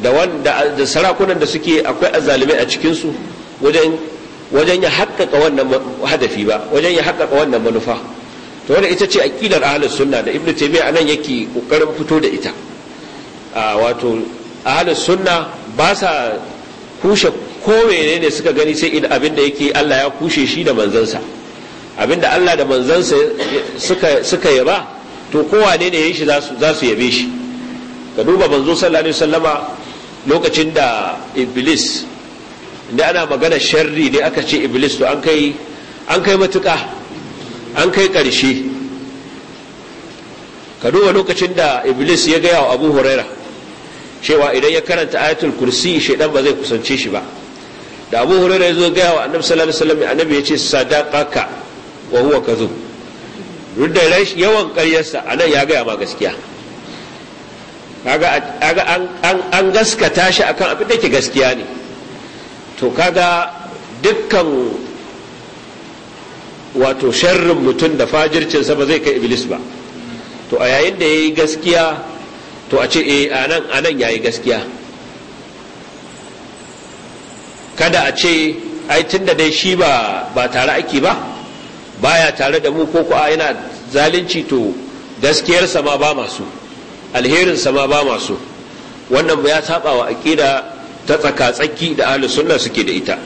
da wanda sarakunan da suke akwai azzalumai a cikin su wajen wajen ya haƙƙaƙa wannan hadafi ba wajen ya haƙƙaƙa wannan manufa to wannan ita ce aqidar ahlus sunna da ibnu taymiya anan yake kokarin fito da ita a wato ahlus sunna ba sa kushe ko ne suka gani sai in abin da yake Allah ya kushe shi da manzansa abin da Allah da manzansa suka suka yaba to kowane ne yayin shi za su yabe shi ka duba manzo sallallahu alaihi wasallama lokacin da iblis inda ana magana sharri ne aka ce iblis to an kai an matuƙa an kai ƙarshe ka duba lokacin da iblis ya gaya wa abu huraira cewa idan ya karanta ayatul kursi shaidan ba zai kusance shi ba da abu huraira ya zo gaya wa annabi sallallahu alaihi wasallam annabi ya ce sadaqaka wa huwa kazub duk yawan ƙaryarsa anan ya gaya ma gaskiya kaga an gaskata shi akan abin da ke gaskiya ne to kaga dukkan wato sharrin mutum da fajircinsa ba zai kai iblis ba to a yayin da ya yi gaskiya to a ce e eh, anan anan ya yi gaskiya kada a ce ai tun da dai shi ba ba tare ake ba baya tare da mu ko ko yana zalunci to gaskiyarsa ma ba masu alherin sama ba masu wannan ya saba wa aqida ta tsaka-tsaki da ahli sunna suke da ita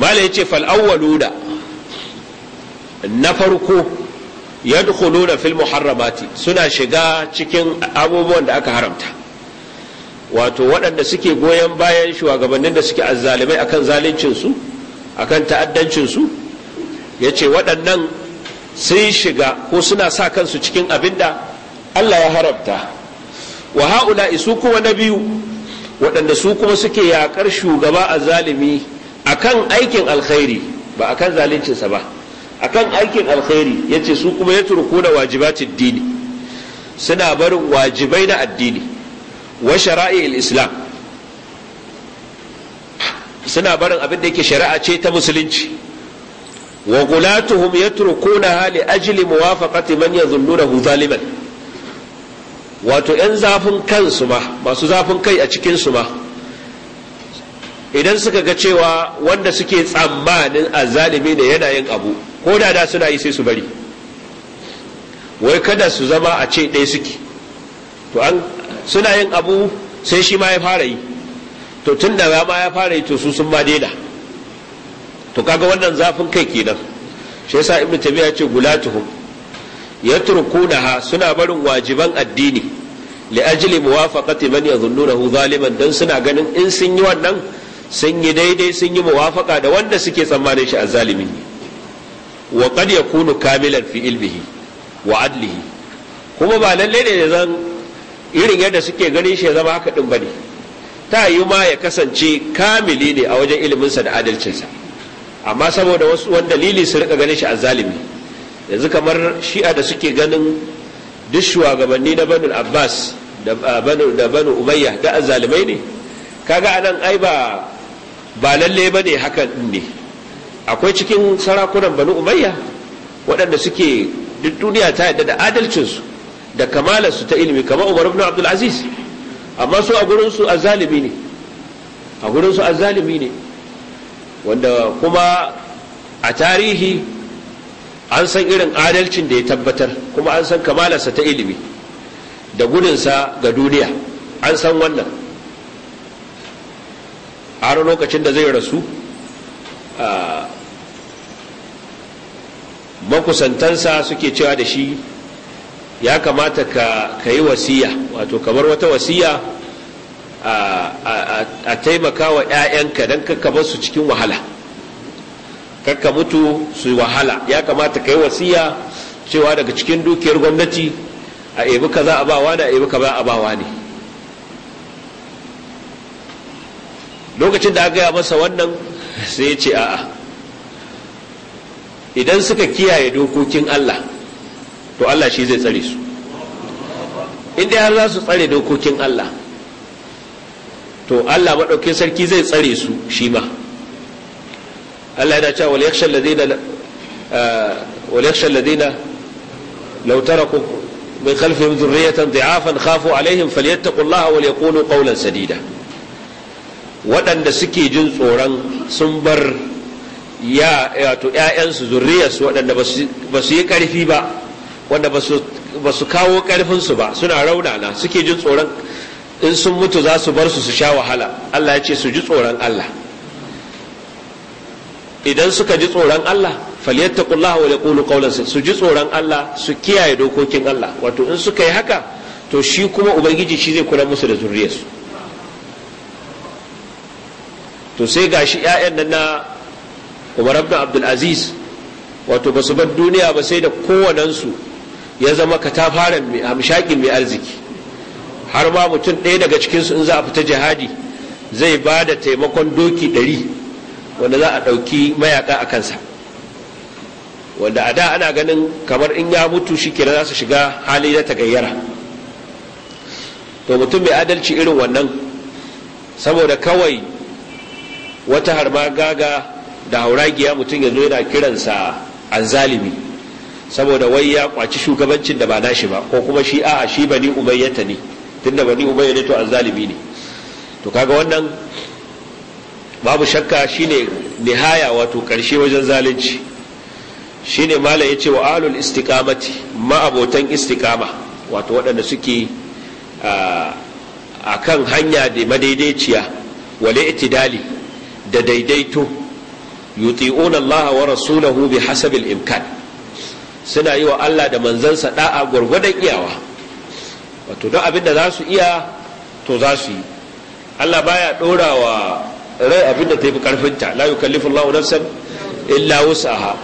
mala yace fal da na farko yadkhuluna fil muharramati suna shiga cikin abubuwan da aka haramta wato waɗanda suke goyon bayan shugabannin da suke azzalimai akan zalincin akan ta'addancin su yace waɗannan sun shiga ko suna sa kansu cikin abin da Allah ya haramta wa ha'ula isu kuma na biyu waɗanda su kuma suke yaƙar shugaba a zalimi akan aikin alkhairi ba akan zaluncinsa ba akan aikin alkhairi ya ce su kuma ya turku da wajibatin dini suna barin wajibai na addini wa shara'i'il islam suna barin abin da yake shari'a ce ta musulunci wa gulatuhum yatrukunaha li ajli muwafaqati man yadhunnunahu zaliman wato yan zafin kansu ma masu zafin kai a cikin su ma idan suka ga cewa wanda suke tsammanin azzalimi ne yana yin abu ko da da suna yi sai su bari wai kada su zama a ce ɗaya suke to an suna yin abu sai shi ma ya fara yi to tun da ma ya fara yi to su sun ma daina to kaga wannan zafin kai kenan shi yasa ibnu tabiya ce gulatuhum yatrukunaha suna barin wajiban addini li ajli muwafaqati man yadhunnuhu zaliman dan suna ganin in sun yi wannan sun yi daidai sun yi muwafaqa da wanda suke tsammanin shi azzalimi ne wa qad yakunu kamilan fi ilmihi wa adlihi kuma ba lalle ne zan irin yadda suke ganin shi ya zama haka din bane ta yi ma ya kasance kamili ne a wajen iliminsa da adalcinsa amma saboda wasu wani dalili su rika ganin shi a zalimi yanzu kamar shi'a da suke ganin duk shugabanni na banu abbas da ah, banu umayya da zalimai ne kaga anan ai ba ba lalle ba ne haka ne akwai cikin sarakunan banu umayya waɗanda suke duk duniya ta yadda da adalcinsu da kamalarsu ta ilimi kamar umar ibn abdul aziz amma su a gurinsu a gurinsu ne wanda kuma a tarihi an san irin adalcin da ya tabbatar kuma an san kamalarsa ta ilimi da gudunsa ga duniya an san wannan har lokacin da zai rasu makusantansa suke cewa da shi ya kamata ka yi wasiya wato kamar wata wasiya a taimaka wa 'ya'yanka don kakka su cikin wahala kakka mutu su wahala ya kamata ka yi wasiya cewa daga cikin dukiyar gwamnati a ebi ka za a ba ne a ebi ka ba a ba ne lokacin da aka gaya masa wannan sai ya ce a'a idan suka kiyaye dokokin Allah to Allah shi zai tsare su inda har za su tsare dokokin Allah to Allah maɗaukin sarki zai tsare su shi ma Allah ya cewa wal yakhsha alladhina ah, wal yakhsha alladhina law taraku min khalfihim dhurriyatan dha'afan khafu alaihim falyattaqullaha wa yaqulu qawlan sadida waɗanda suke jin tsoron sun bar ya wato ƴaƴansu su waɗanda ba su yi ƙarfi ba wanda ba su kawo ƙarfinsu ba suna raunana suke jin tsoron in sun mutu za su bar su su sha wahala Allah ya ce su ji tsoron Allah idan suka ji tsoron Allah falyattaqullaha wa yaqulu qawlan su ji tsoron Allah su kiyaye dokokin Allah wato in suka yi haka to shi kuma ubangiji shi zai kula musu da zuriyarsu to sai gashi ƴaƴan nan na Umar ibn Abdul Aziz wato ba su bar duniya ba sai da su ya zama katafaren mai hamshakin mai arziki har ma mutum ɗaya daga cikinsu in za a fita jihadi zai ba da taimakon doki ɗari wanda za a ɗauki mayaƙa a kansa wanda a da ana ganin kamar in ya mutu shi kira za su shiga hali na tagayyara to mutum mai adalci irin wannan saboda kawai wata harma gaga da hauragiya mutum ya zo yana kiransa an saboda wai ya kwaci shugabancin da ba nashi ba ko kuma shi a'a shi bani umayyata ne tunda bani umayya ne to azzalimi ne to kaga wannan babu shakka shine nihaya wato karshe wajen zalunci shine mala yace wa alul istiqamati ma abotan istiqama wato waɗanda suke a kan hanya da madaidaiciya wale itidali da daidaito yuti'una Allah wa rasulahu bi hasabil imkan suna yi wa Allah da manzansa da'a gwargwadon iyawa wato duk abin da za su iya to za su yi Allah baya ɗora wa rai abin da ta yi karfinta la yukallifu Allahu nafsan illa wus'aha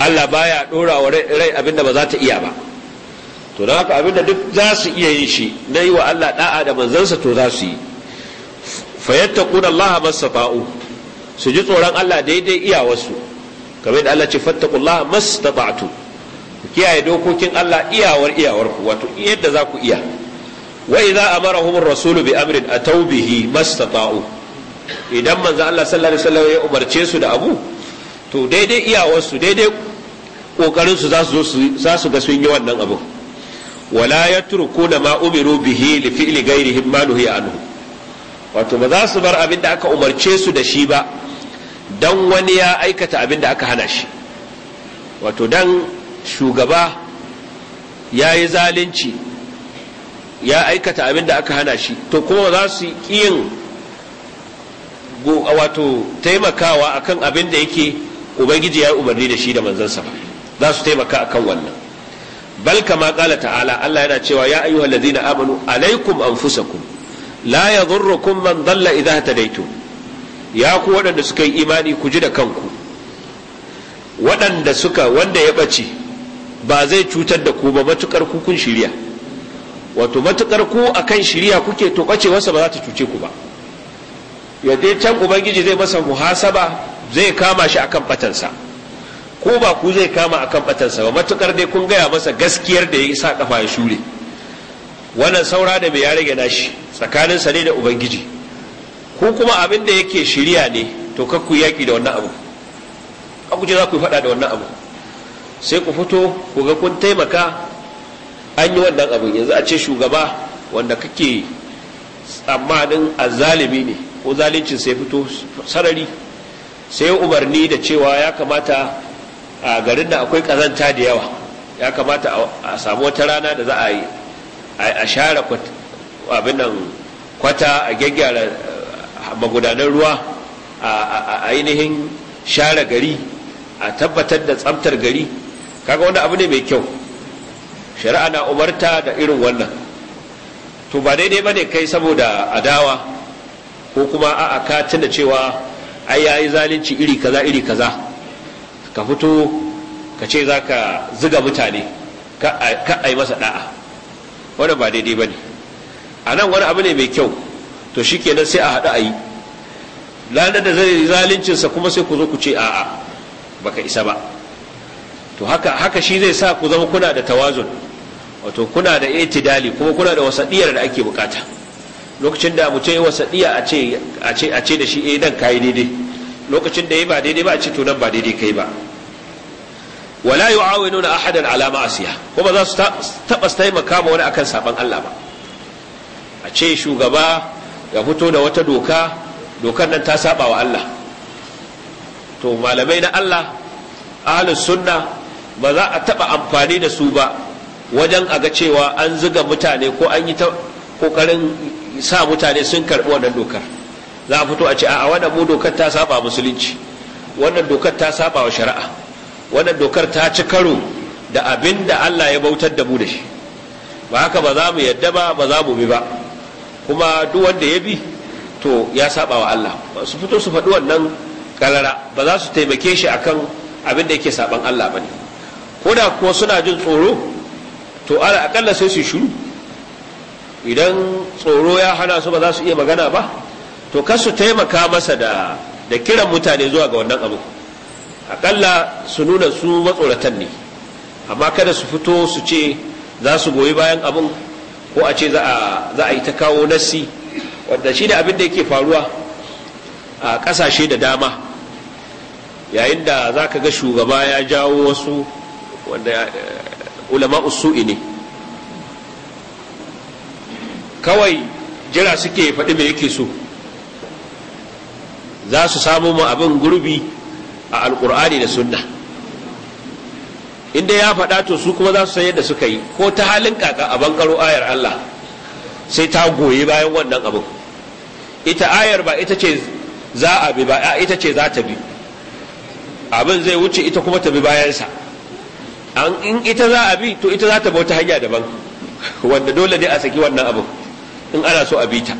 Allah baya ɗora wa rai abin da ba za ta iya ba to da haka abin da duk za su iya yin shi na yi wa Allah ɗa'a da manzansa to za su yi fayattaqun Allah mastata'u su ji tsoron Allah daidai iya wasu. kamar da Allah ce fattaqullaha mastata'tu kiyaye dokokin Allah iyawar iyawar ku wato yadda za ku iya wa idza amarahum ar-rasulu bi amrin ataw bihi mastata'u idan manzo Allah sallallahu alaihi wasallam ya umarce su da abu to daidai iyawar su daidai kokarin su za su zo za su ga sun yi wannan abu wala yatrukuna ma umiru bihi li fi'li ghairihim ma nuhiya anhu wato ba za su bar abin da aka umarce su da shi ba dan wani ya aikata abin da aka hana shi wato dan shugaba ya yi zalunci ya aikata abin da aka hana shi to kuma za su yin wato taimakawa akan abin da yake ubangiji ya yi umarni da shi da manzansa ba za su taimaka akan wannan bal kama kala ta'ala Allah yana cewa ya ayyuhal na amanu alaikum anfusakum la yadhurrukum man dalla idha daito? ya ku waɗanda suka yi imani ku ji da kanku waɗanda suka wanda ya ɓace ba zai cutar da ku ba matukar ku kun shirya wato matukar ku akan shirya kuke to wasa ba za ta cuce ku ba ya dai can ubangiji zai masa muhasaba zai kama shi akan batansa ko ba ku zai kama akan batansa ba matukar dai kun gaya masa gaskiyar da ya sa kafa ya shure wannan saura da bai ya rage nashi tsakanin sa ne da ubangiji ko kuma abin da yake shirya ne to kakku yaki da wannan abu aku za ku faɗa da wannan abu sai ku fito ku ga kun taimaka an yi wannan abin yanzu a ce shugaba wanda kake tsammanin azalimi ne ko zalincin sai fito sarari sai umarni da cewa ya kamata a garin da akwai kazanta da yawa ya kamata a samu wata rana da za a yi a share abin kwata a gyaggyara eh, magudanar ruwa a ainihin share gari a tabbatar da tsamtar gari kaga wani abu ne mai kyau shari'a na umarta da irin wannan to ba daidai ba ne kai saboda adawa ko kuma a'a ka tunda cewa ai yayi zalunci iri kaza iri kaza ka fito ka ce za ka ziga mutane ka ai masa da'a wanda ba daidai ba ne a nan wani abu ne mai kyau to shi kenan sai a haɗu a yi lanar da zai zaluncinsa kuma sai ku zo ku ce a'a baka isa ba to haka haka shi zai sa ku zama kuna da tawazun wato kuna da itidali kuma kuna da wasadiyar da ake bukata lokacin da mu ce wasadiya a ce a ce a ce da shi eh dan kai daidai lokacin da yayi ba daidai ba a ce to nan ba daidai kai ba wala yu'awinuna ahadan ala ma'asiya kuma za su taba taimaka ma wani akan saban Allah ba a ce shugaba ya fito da wata doka dokar nan ta saba wa Allah to malamai na Allah ahlus sunna ba za a taɓa amfani da su ba wajen a ga cewa an ziga mutane ko an yi ta kokarin sa mutane sun karɓi wannan dokar za a fito a ce a wannan mu dokar ta saba musulunci wannan dokar ta saba wa shari'a wannan dokar ta ci karo da abin da Allah ya bautar da mu da shi ba haka ba za mu yadda ba ba za mu bi ba kuma duk wanda ya bi to ya saba wa Allah su fito su faɗi wannan kalara ba za su taimake shi akan abin da yake saban Allah ba ne ko da kuwa suna jin tsoro to akalla sai su shuru idan tsoro ya hana su ba za su iya magana ba to kar su taimaka masa da da kiran mutane zuwa ga wannan abu akalla su nuna su matsoratan ne amma kada su fito su ce za su goyi bayan abin ko a ce za a yi ta kawo nassi wadda shi da abin da yake faruwa a ƙasashe da dama yayin da za ka ga shugaba ya jawo wasu wanda ulama usu'i ne kawai jira suke faɗi me yake so za su samu mu abin gurbi a alƙur'ani da sunna inda ya faɗa to su kuma za su san yadda suka yi ko ta halin kaka a bankaro ayar Allah sai ta goyi bayan wannan abin ita ayar ba ita ce za a bi ba ita ce za ta bi abin zai wuce ita kuma ta bi bayansa an in ita za a bi to ita za ta bauta hanya daban wanda dole ne a saki wannan abu in ana so a bi ta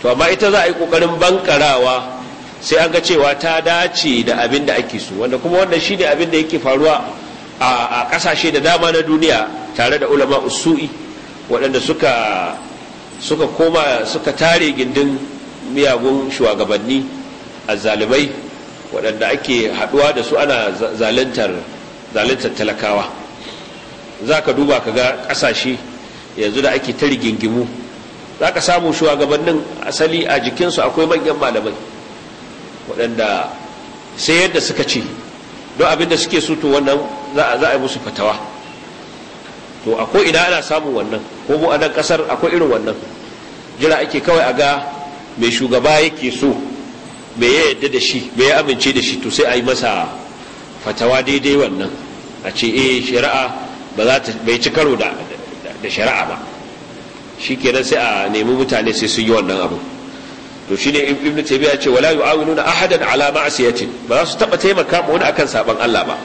to amma ita za a yi kokarin bankarawa sai an ga cewa ta dace da abin da ake so wanda kuma wannan shine abin da yake faruwa a kasashe da dama na duniya tare da ulama usu'i waɗanda suka suka koma suka tare gindin miyagun shugabanni azzalumai waɗanda ake haɗuwa da su ana zalantar zaluntar talakawa za ka duba ka ga ƙasashe yanzu da ake ta rigingimu za ka samu shugabannin asali a jikinsu akwai manyan malamai waɗanda sai yadda suka ce don abinda suke so wannan za a yi musu fatawa to akwai ina ana samun wannan ko mu a nan ƙasar akwai irin wannan jira ake kawai a ga mai shugaba yake so me ya yadda da shi me ya amince da shi to sai a yi masa fatawa daidai wannan a ce eh shari'a ba za ta bai ci karo da shari'a ba shi kenan sai a nemi mutane sai sun yi wannan abu to shi ne Ibn Tabiya ce wala yu'awinuna ahadan ala ma'siyatin ba za su taba taimaka ma wani akan saban Allah ba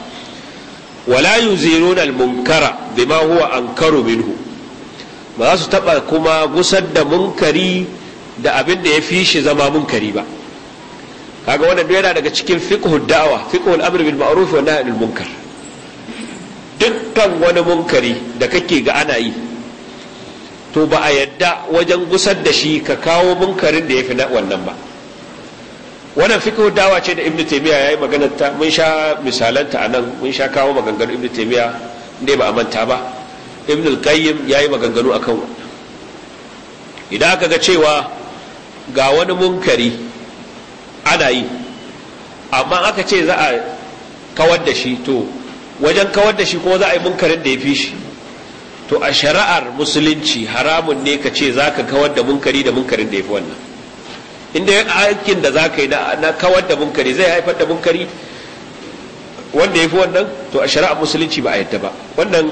wala yuziruna al-munkara bima huwa ankaru minhu ba za su taba kuma gusar da munkari da abin da ya fi shi zama munkari ba kaga wannan duk yana daga cikin fiqhu da'wa fiqhu al-amr bil ma'ruf wa nahy anil munkar dukkan wani munkari da kake ga ana yi to ba a yadda wajen gusar da shi ka kawo munkarin da yafi na wannan ba wannan fiqhu da'wa ce da ibn taymiya yayi maganar ta mun sha misalanta anan mun sha kawo maganganu ibn taymiya inda ba a manta ba ibn al-qayyim yayi maganganu akan idan aka ga cewa ga wani munkari ana yi amma aka ce za a kawar da shi to wajen kawar da shi kuma za a yi munkarin da ya fi shi to a shari'ar musulunci haramun ne ka ce za ka kawar da munkari da munkarin da ya fi wannan inda aikin da za ka yi na kawar da munkari zai haifar da munkari wanda ya fi wannan to a shari'ar musulunci ba a yadda ba wannan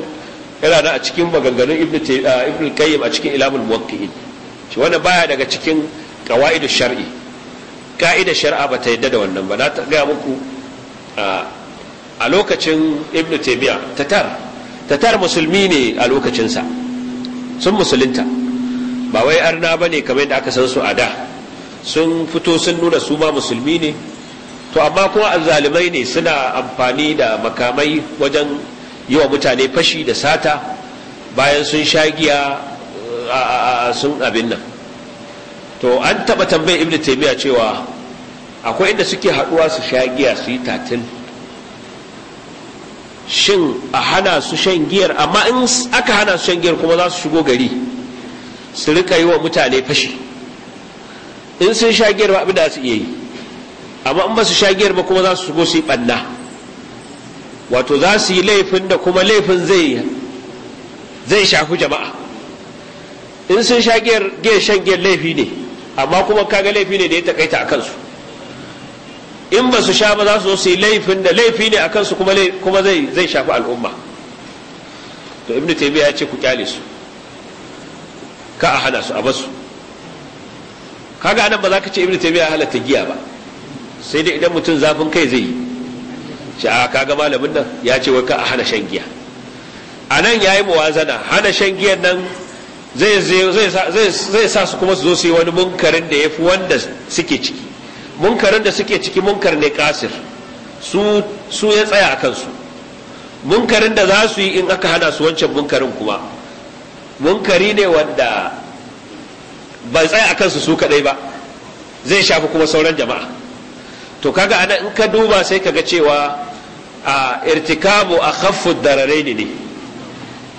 yana da a cikin maganganun ibn ah, qayyim a cikin ilamul muwaqqi'in shi wannan baya daga cikin qawaidu shar'i ka'idar shari'a ba ta yadda da wannan ba na ta gaya muku a lokacin ibn taymiya tatar tatar musulmi ne a lokacinsa sun musulinta. ba wai arna ba ne kamar yadda aka san su a da sun fito sun nuna su ma musulmi ne to amma kuma azzalimai ne suna amfani da makamai wajen yi wa mutane fashi da sata bayan sun sha giya sun abin nan to an taɓa tambayi ibn taymiya cewa akwai inda suke haɗuwa su sha giya su yi tatin shin a hana su shan giyar amma in aka hana su shan giyar kuma za su shigo gari su rika yi wa mutane fashi in sun sha giyar ba abin da su iya yi amma in ba su sha giyar ba kuma za su shigo su yi ɓanna wato za su yi laifin da kuma laifin zai zai shafi jama'a in sun sha giyar shan giyar laifi ne amma kuma kaga laifi ne da ya takaita a kansu in ba su sha ba za su zo su yi laifin da laifi ne a kansu kuma zai zai shafi al'umma to ibnu taymiya ya ce ku kyale su ka a hana su a basu kaga anan ba za ka ce ibnu taymiya halatta giya ba sai dai idan mutum zafin kai zai yi shi a ah, kaga malamin nan ya ce wai ka a hana shan giya a nan ya yi muwazana hana shan giyan nan zai sa su kuma su zo su yi wani munkarin da ya fi wanda suke ciki munkarin da suke ciki munkar ne kasir su ya tsaya a kansu munkarin da za su yi in aka hana su wancan munkarin kuma munkari ne wanda ba tsaya a kansu su kadai ba zai shafi kuma sauran jama'a to kaga ana in ka duba sai kaga cewa a irtikabu a khaffud dararaini ne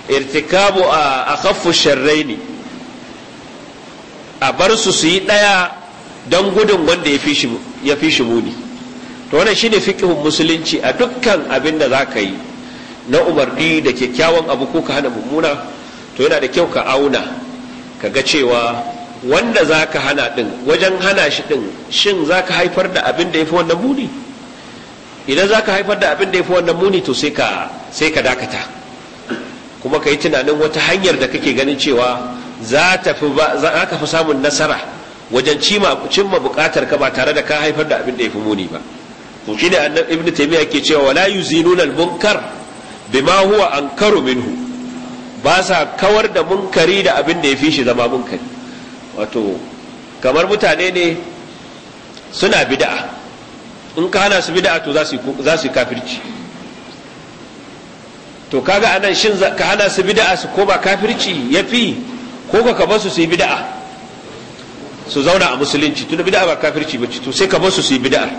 irtikabu a khaffu sharraini a bar su su yi ɗaya don gudun wanda ya fi shi muni to wannan shine fiqhun musulunci a dukkan abin da za ka yi na umarni da kyakkyawan abu ko ka hana mummuna to yana da kyau ka auna ka ga cewa wanda za ka hana ɗin wajen hana shi ɗin shin za ka haifar da abin da ya fi wannan muni idan za ka haifar da abin da ya fi wannan muni to sai ka dakata kuma ka yi tunanin wata hanyar da kake ganin cewa za ka fi samun nasara wajen cimma bukatar ka ba tare da ka haifar da abin da ya fi muni ba to ne annabi ibn taymiya ke cewa wala yuzinuna al-munkar bima huwa ankaru minhu ba sa kawar da munkari da abin da ya fi shi zama munkari wato kamar mutane ne suna bid'a in ka hana su bid'a to za su yi kafirci to kaga anan shin ka hana su bid'a su koma kafirci yafi ko ka ka basu su yi bid'a su zauna a musulunci tunda bid'a ba kafirci bace to sai ka basu su yi bid'a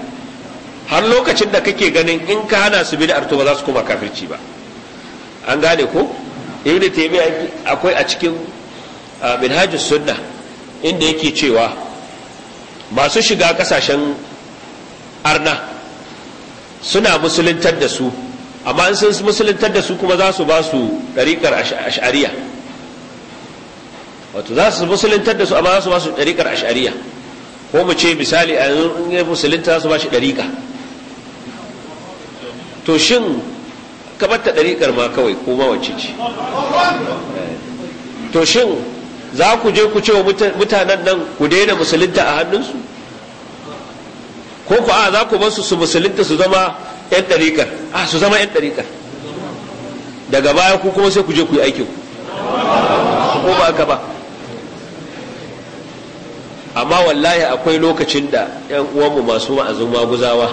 har lokacin da kake ganin in ka hana su bid'ar to ba za su koma kafirci ba an gane ko ibnu taymiya akwai a cikin minhajus sunna inda yake cewa masu shiga kasashen arna suna musuluntar da su amma in sun musuluntar da su kuma za su ba su ɗariƙar ash'ariya wato za su musuluntar da su amma za su ba su ɗariƙar ash'ariya ko mu ce misali a yanzu in yi musulunta za su ba shi ɗariƙa to shin ka bata ɗariƙar ma kawai ko ma wacce ce to shin za ku je ku ce wa mutanen nan ku daina musulunta a hannunsu ko ku a za ku basu su musulunta su zama yan ɗariƙar a ah, su zama yan ɗariƙar daga baya ku kuma sai ku je ku yi aikin ko ba aka ba amma wallahi akwai lokacin da yan uwanmu masu ma'azin maguzawa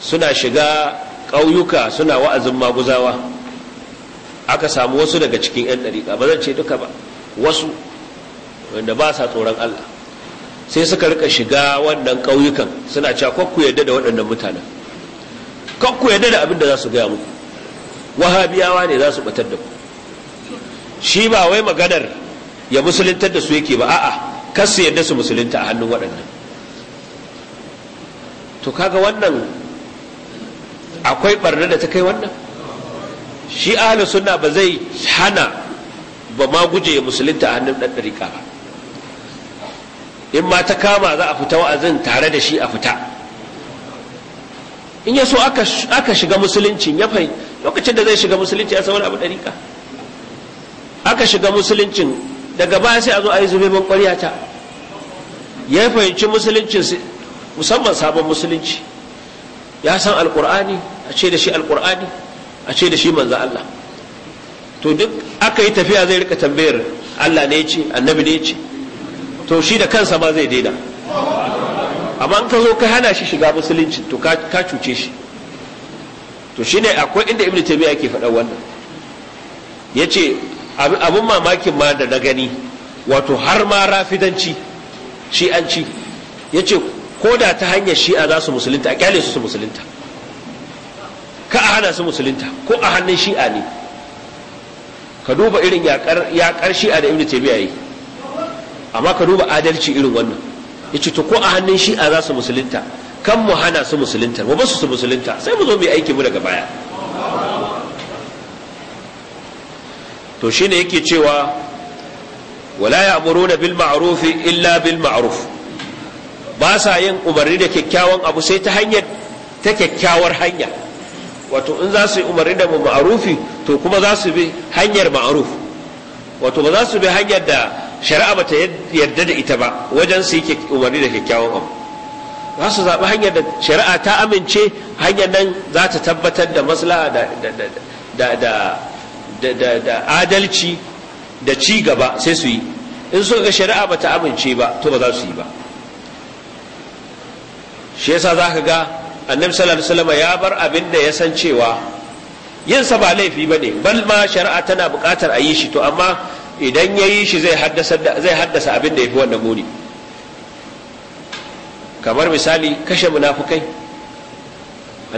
suna shiga ƙauyuka suna wa'azin maguzawa aka samu wasu daga cikin 'yan ɗarika ba zan ce duka ba wasu wanda ba sa tsoron Allah sai suka rika shiga wannan ƙauyukan suna cewa kwakku yadda da waɗannan mutanen kwakku yadda da abin da za su gaya muku wahabiyawa ne za su batar da ku shi ba wai maganar ya musuluntar da su yake ba a'a kasu su yadda su musulunta a hannun waɗannan to kaga wannan akwai barna da ta kai wannan shi ahlus suna ba zai hana ba ma guje musulunta a hannun ɗan ɗarika ba in ma ta kama za a fita wa'azin tare da shi a fita in ya so aka shiga Musulunci ya fahimci lokacin da zai shiga musulunci a saman abu ɗariƙa aka shiga musuluncin daga baya sai a zo a yi zube ban ta ya fahimci musuluncin musamman sabon musulunci ya san alƙur'ani a ce da shi alƙur'ani a ce da shi manzo Allah to duk aka yi tafiya zai rika tambayar Allah ne ya ce annabi ne ya ce to shi da kansa ma zai daina amma in ka zo ka hana shi shiga musulunci to ka cuce shi to shi ne akwai inda ibn taymiya yake faɗa wannan Ya ce abin mamakin ma da na gani wato har ma rafidanci shi an ci yace ko da ta hanyar shi'a za su musulunta a kyale su su musulunta ka a hana su musulunta ko a hannun shi'a ne ka duba irin yakar shi'a da ibn taymiya yi amma ka duba adalci irin wannan ya to ko a hannun shi'a za su musulunta kan mu hana su musulunta mu basu su musulunta sai mu zo mu yi aiki mu daga baya to shine yake cewa wala da bil ma'arufi illa bil ma'ruf ba sa yin umarni da kyakkyawan abu sai ta hanyar ta kyakkyawar hanya wato in za su yi umarni da ma'rufi to kuma za su bi hanyar ma'ruf wato ba za su bi hanyar da shari'a bata yarda da ita ba wajen su yake umarni da kyakkyawan abu za su zaɓi hanyar da shari'a ta amince hanyar nan za ta tabbatar da maslaha da adalci da ci gaba sai su yi in suka ga shari'a bata amince ba to ba za su yi ba shi yasa za ka ga annabi sallallahu alaihi ya bar abin da ya san cewa yin sa ba laifi ba ne. bal ma shari'a tana buƙatar a yi shi to amma idan ya yi shi zai haddasa abin da ya fi wannan muni kamar misali kashe munafukai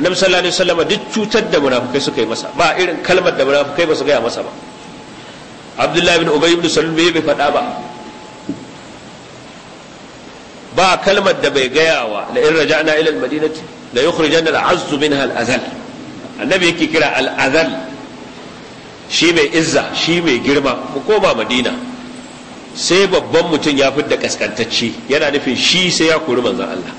annabi sallallahu alaihi wasallam duk cutar da munafukai suka yi masa ba irin kalmar da munafukai ba su gaya masa ba abdullahi bin ubay ibn salul bai faɗa ba ba kalmar da bai gaya wa la in raja'na ila al-madinati la yukhrijanna al-azzu minha al-azal annabi yake kira al-azal shi mai izza shi mai girma mu koma madina sai babban mutum ya fi da kaskantacci yana nufin shi sai ya kuri manzan Allah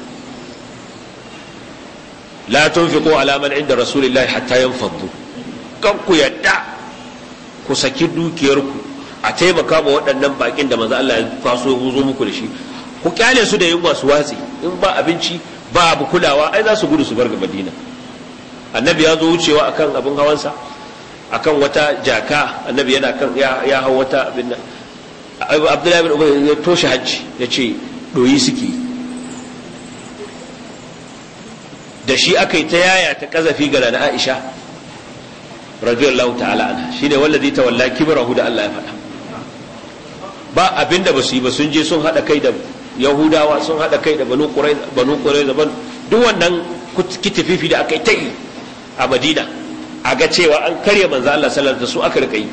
la tunfiqu ala man inda rasulillahi hatta fadu kan ku yadda ku saki dukiyarku a taimaka ma waɗannan bakin da manzan Allah ya faso ya zo muku da shi ku kyale su da yin masu watsi in ba abinci ba abu kulawa ai za su gudu su bar ga Madina annabi ya zo wucewa akan abin hawansa akan wata jaka annabi yana kan ya hau wata abin nan abdullahi bin ubay ya toshe hajji ya ce doyi suke da shi aka yi ta yaya ta kazafi ga na aisha radiyallahu ta'ala anha shine wallazi tawalla kibrahu da Allah ya faɗa ba abinda ba su yi ba sun je sun hada kai da yahudawa sun hada kai da banu quraiza banu quraiza ban duk wannan kitififi da aka yi ta yi a madina a ga cewa an karya manzo Allah sallallahu alaihi su aka rika yi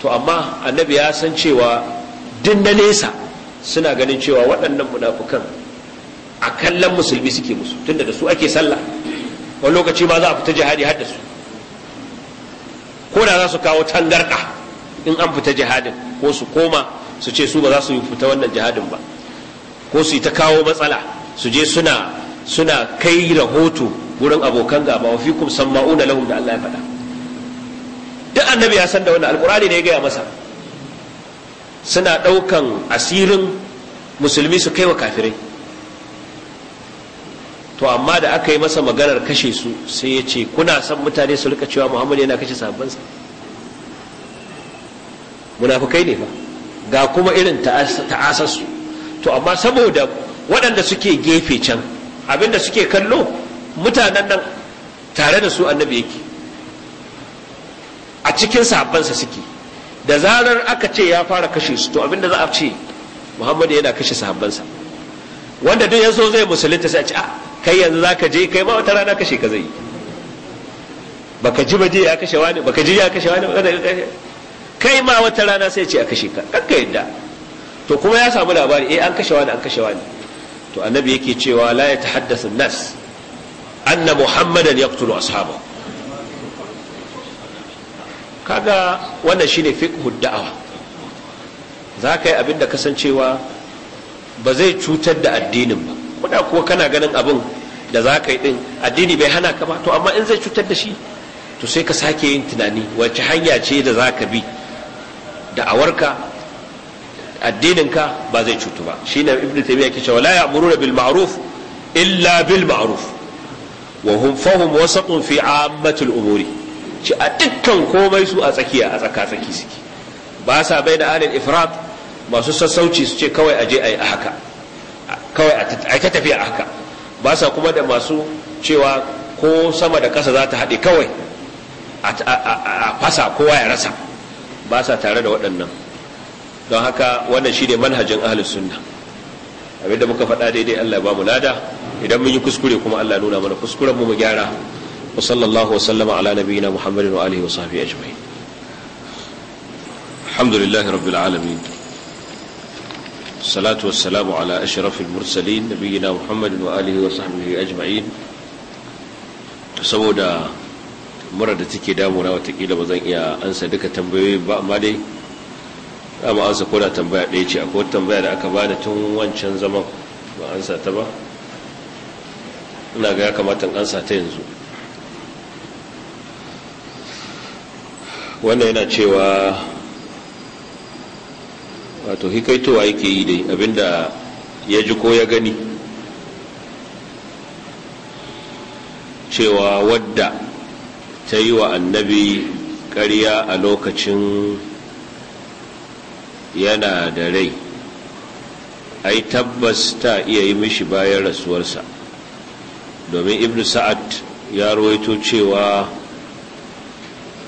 to amma annabi ya san cewa din na nesa suna ganin cewa waɗannan munafukan a kallon musulmi suke musu tunda da su ake sallah wani lokaci ma za a fita jihadi har da su ko da za su kawo tangarɗa in an fita jihadin ko su koma su ce su ba za su yi fita wannan jihadin ba ko su yi ta kawo matsala su je suna suna kai rahoto Wurin abokan gaba wa fikum samma'una lahum da Allah ya faɗa duk annabi ya san da wannan alqur'ani ne ya gaya masa suna ɗaukan asirin musulmi su kai wa kafirai to amma da aka yi masa maganar kashe su sai ya ce kuna son mutane su rika cewa muhammad yana kashe sabansa munafukai ne fa ga kuma irin ta'asarsu to amma saboda waɗanda suke gefe can abinda suke kallo mutanen nan tare da su annabi yake a cikin sahabbansa suke da zarar aka ce ya fara kashe su to abinda za a ce muhammadu yana kashe sahabbansa wanda duk ya so zai musulunta sai a ce a ah, kai yanzu za ka je kai ma wata rana kashe ka zai yi baka ji baje ya kashe wani baka ji ya kashe wani baka da kashe kai ma wata rana sai ce a kashe ka kanka yadda to kuma ya samu labari eh an kashe wani an kashe wani to annabi yake cewa la ya tahaddasu nas anna muhammadan yaqtulu ashabahu kaga wannan shine fiqhu da'awa ka yi abinda kasancewa ba zai cutar da addinin ba kuna kuwa kana ganin abin da za ka yi din addini bai hana ka ba to amma in zai cutar da shi to sai ka sake yin tunani wacce hanya ce da za ka bi da'awarka addininka ba zai cutu ba shine ibnu taymiya yake cewa la ya'muruna bil ma'ruf illa bil ma'ruf wa hum fahum wasatun fi ammatul umuri ci a dukkan komai su a tsakiya a tsaka tsaki suke ba sa bai da alil ifrat masu sassauci su ce kawai aje ayi a haka kawai a ta tafiya a haka ba sa kuma da masu cewa ko sama da ƙasa za ta haɗe kawai a fasa kowa ya rasa ba sa tare da waɗannan don haka wannan shi ne manhajin ahalus sunna abinda muka faɗa daidai Allah ba mu lada idan mun yi kuskure kuma Allah nuna mana kuskuren mu mu gyara wa sallallahu wa sallama ala nabiyyina muhammadin wa alihi wa sahbihi ajma'in alhamdulillahi rabbil alamin الصلاة والسلام على أشرف المرسلين نبينا محمد وآله وصحبه ajma'in saboda mura da take damuna watakila ba zan iya ansa duka tambayoyi ba amma dai amma ansa ko da tambaya ɗaya ce akwai tambaya da aka bada tun wancan zaman ba ansa ta ba ina ga ya kamata in ansa ta yanzu wannan yana cewa wato hikaitowa yake yi dai abinda ya ji ko ya gani cewa wadda ta yi wa annabi ƙarya a lokacin yana da rai ai tabbas ta iya yi mishi bayan rasuwarsa domin ibn sa'ad ya rawaito cewa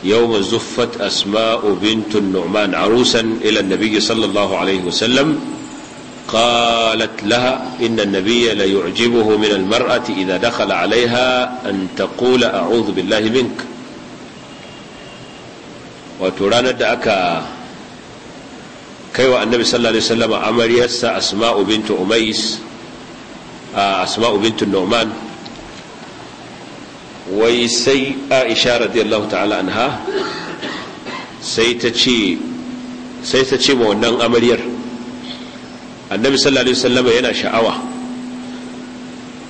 yawma zuffat asma'u bintun nu'man arusan ila nabiyyi sallallahu alaihi wasallam قالت لها إن النبي لا يعجبه من المرأة إذا دخل عليها أن تقول أعوذ بالله منك وترانا دعك كيوى النبي صلى الله عليه وسلم عمر يسا أسماء بنت أميس أسماء بنت النعمان wai sai aisha radiyallahu ta'ala anha sai ta ce sai wa wannan amaryar annabi sallallahu alaihi wasallam yana sha'awa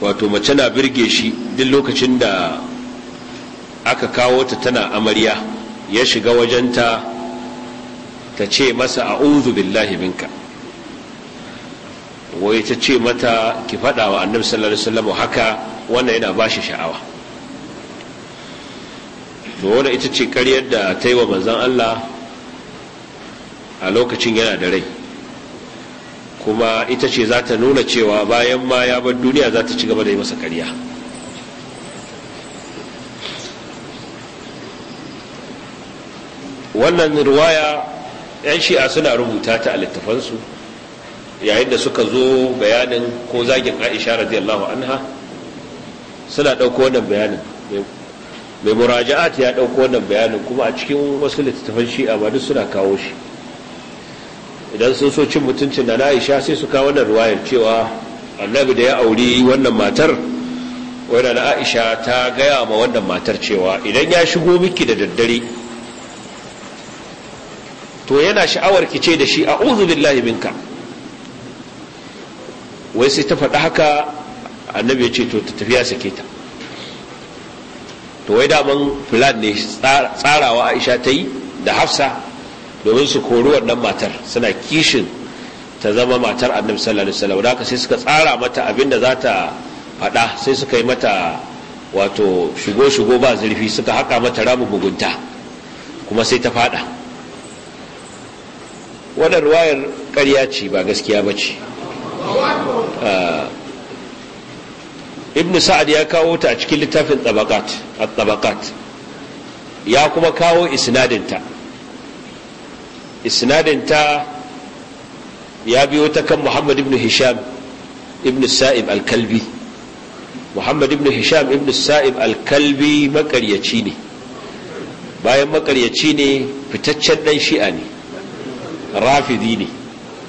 wato mace na birge shi duk lokacin da aka kawo ta tana amarya ya shiga wajenta ta ce masa a'udhu billahi minka wai ta ce mata ki faɗa wa annabi sallallahu alaihi wasallam haka wannan yana ba shi sha'awa da wanda ita ce karyar da ta yi wa manzan Allah a lokacin yana da rai kuma ita ce za ta nuna cewa bayan ma ya bar duniya za ta ci gaba da yi masa karya wannan ruwaya 'yan shi'a suna rubuta ta a littafansu yayin da suka zo bayanin ko zagin aisha radiyallahu anha suna ɗauko wannan bayanin mai muraja'at ya ɗauko wannan bayanin kuma a cikin wasu littattafan shi'a ba duk suna kawo shi idan sun so cin mutuncin da na'isha sai su kawo wannan ruwayar cewa annabi da ya auri wannan matar wadda na'isha ta gaya ma wannan matar cewa idan ya shigo miki da daddare to yana sha'awar ki ce da shi uzu billahi minka wai sai ta faɗa haka annabi ya ce to ta tafiya sake ta to wai daman plan ne tsarawa aisha ta yi da hafsa domin su kori wannan matar suna kishin ta zama matar annabi sallallahu alaihi wasallam da sai suka tsara mata da za ta faɗa sai suka yi mata wato shigo shigo ba zurfi suka haka mata ramu bugunta kuma sai ta faɗa wannan ruwayar ƙarya ce ba gaskiya ba ce ah, ibn sa'ad ya kawo ta a cikin littafin tabaqat ya kuma kawo isnadinta isnadinta ya biyo ta kan muhammad ibn hisham ibn sa'ib al-kalbi muhammad ibn hisham ibn sa'ib al-kalbi makaryaci ne bayan makaryaci ne fitaccen dan shi'a ne rafidi ne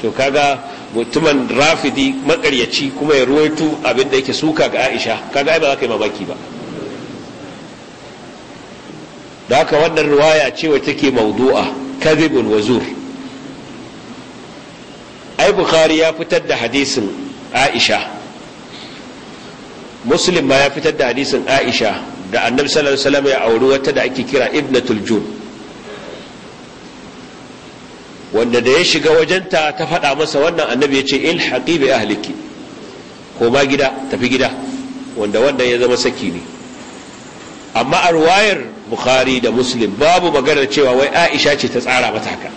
to kaga mutumin rafidi makaryaci kuma ya ruwaito abin da yake suka ga aisha kaga ai ba za ka yi mamaki ba da haka wannan riwaya ce wa take maudu'a kadhibun wazur ai bukhari ya fitar da hadisin aisha muslim ma ya fitar da hadisin aisha da annabi sallallahu alaihi wasallam ya auri wata da ake kira ibnatul jun wanda da ya shiga wajenta ta faɗa masa wannan annabi ya ce ilhaqi bi ahliki ma gida tafi gida wanda wannan ya zama saki ne amma a ruwayar bukhari da muslim babu maganar cewa wai aisha ce ta tsara mata haka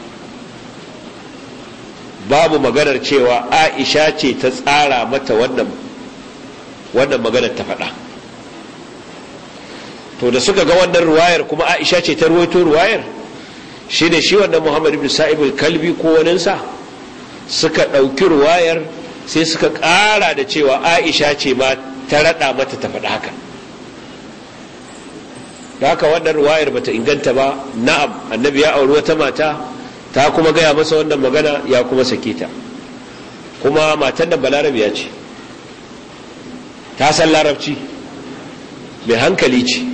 babu maganar cewa aisha ce ta tsara mata wannan wannan maganar ta faɗa to da suka ga wannan ruwayar kuma aisha ce ta ruwaito ruwayar shi da shi wannan muhammad ibn sa'ib kalbi ko waninsa suka ɗauki ruwayar sai suka ƙara da cewa aisha ce ma ta raɗa mata ta faɗa haka da haka wannan ruwayar bata inganta ba na'am annabi ya auri wata mata ta kuma gaya masa wannan magana ya kuma sake ta kuma matan da ya ce ta san larabci mai hankali ce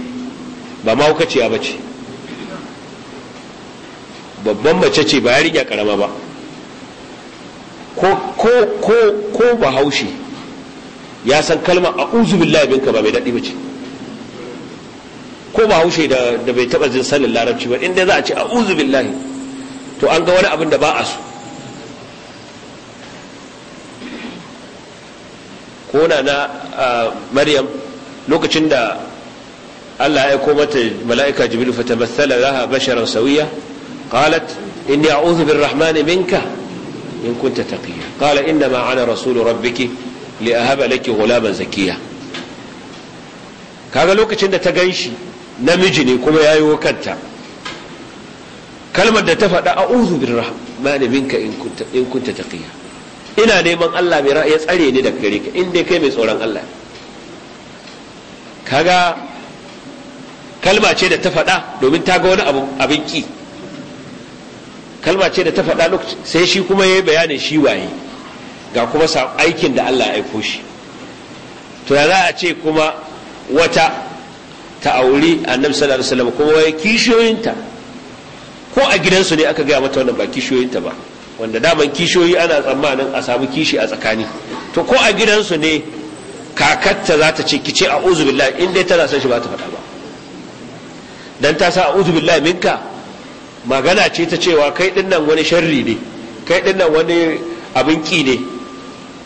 ba mahaukaciya ba ce babban mace ce ba yarinya karama ba ko ko ko ko bahaushe ya san kalma a'udhu billahi binka ba mai dadi ce ko bahaushe da da bai taba jin sanin larabci ba inda za a ce a'udhu billahi to an ga wani abin da ba a so ko na na maryam lokacin da Allah ya aiko mata mala'ika jibril fatamassala laha basharan sawiya qalat inni a'udhu birrahmani minka in kunta taqiya qala inna ma ana rasul rabbiki li ahaba laki ghulaman zakiya kaga lokacin da ta ganshi namiji ne kuma yayi kanta kalmar da ta faɗa a'udhu birrahmani minka in kunta in kunta taqiya ina neman Allah mai tsare ni daga gare ka in dai kai mai tsoron Allah kaga kalma ce da ta faɗa domin ta ga wani abin kalma ce da ta faɗa lokaci sai shi kuma ya yi bayanin shi waye ga kuma aikin da Allah ya aiko shi to ya za a ce kuma wata ta auri annabi sallallahu alaihi wasallam kuma waye kishiyoyinta ko a gidansu ne aka gaya mata wannan ba kishiyoyinta ba wanda daman kishiyoyi ana tsammanin a samu kishi a tsakani to ko a gidansu ne kakatta za ta ce kice a billahi in dai tana son shi ba ta faɗa ba dan ta sa a billahi minka magana ce ta cewa kai dinnan wani sharri ne kai dinnan wani abin ki ne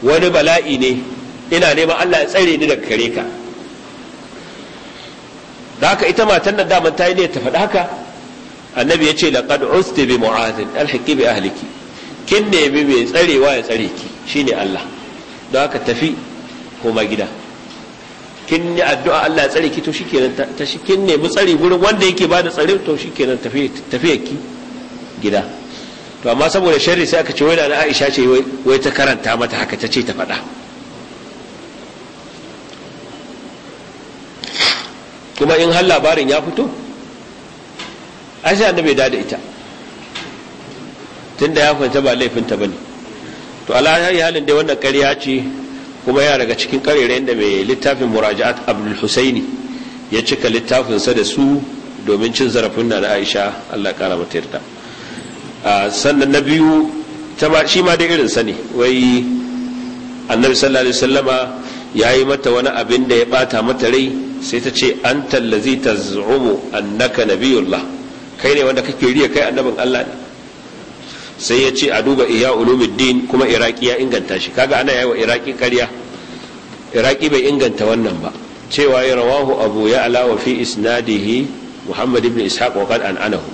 wani bala'i ne ina neman Allah ya tsare ni daga kare ka da haka ita matan nan daman ta yi ne ta faɗi haka annabi ya ce laqad usti bi mu'adhin alhiqi bi ahliki kin nemi mai tsarewa ya tsare ki shine Allah don haka tafi koma gida kin yi addu'a Allah ya tsare ki to shikenan ta shikin ne mu tsare gurin wanda yake bada tsare to shikenan tafiyar ki gida to amma saboda sharri sai aka ce wai na Aisha ce wai ta karanta mata haka ta ce ta faɗa kuma in har labarin ya fito Aisha annabi ya da ita tunda ya fahimta ba laifinta bane to ala halin dai wannan ƙarya ce kuma ya daga cikin karere da mai littafin muraja'at abdul husaini ya cika littafinsa da su domin cin zarafin na aisha allah kara mata yarda sannan na biyu shi ma da irinsa ne wai annabi sallallahu alaihi wasallama ya yi mata wani abin da ya bata mata rai sai ta ce an tallazi ta zuumu annaka nabiyullah kai ne wanda kake riya kai annabin allah ne sai ya ce a duba iya ulumuddin kuma iraki ya inganta shi kaga ana yawa iraki karya iraki bai inganta wannan ba cewa ya rawahu abu ya ala wa fi isnadihi muhammad ibn ishaq wa qad an anahu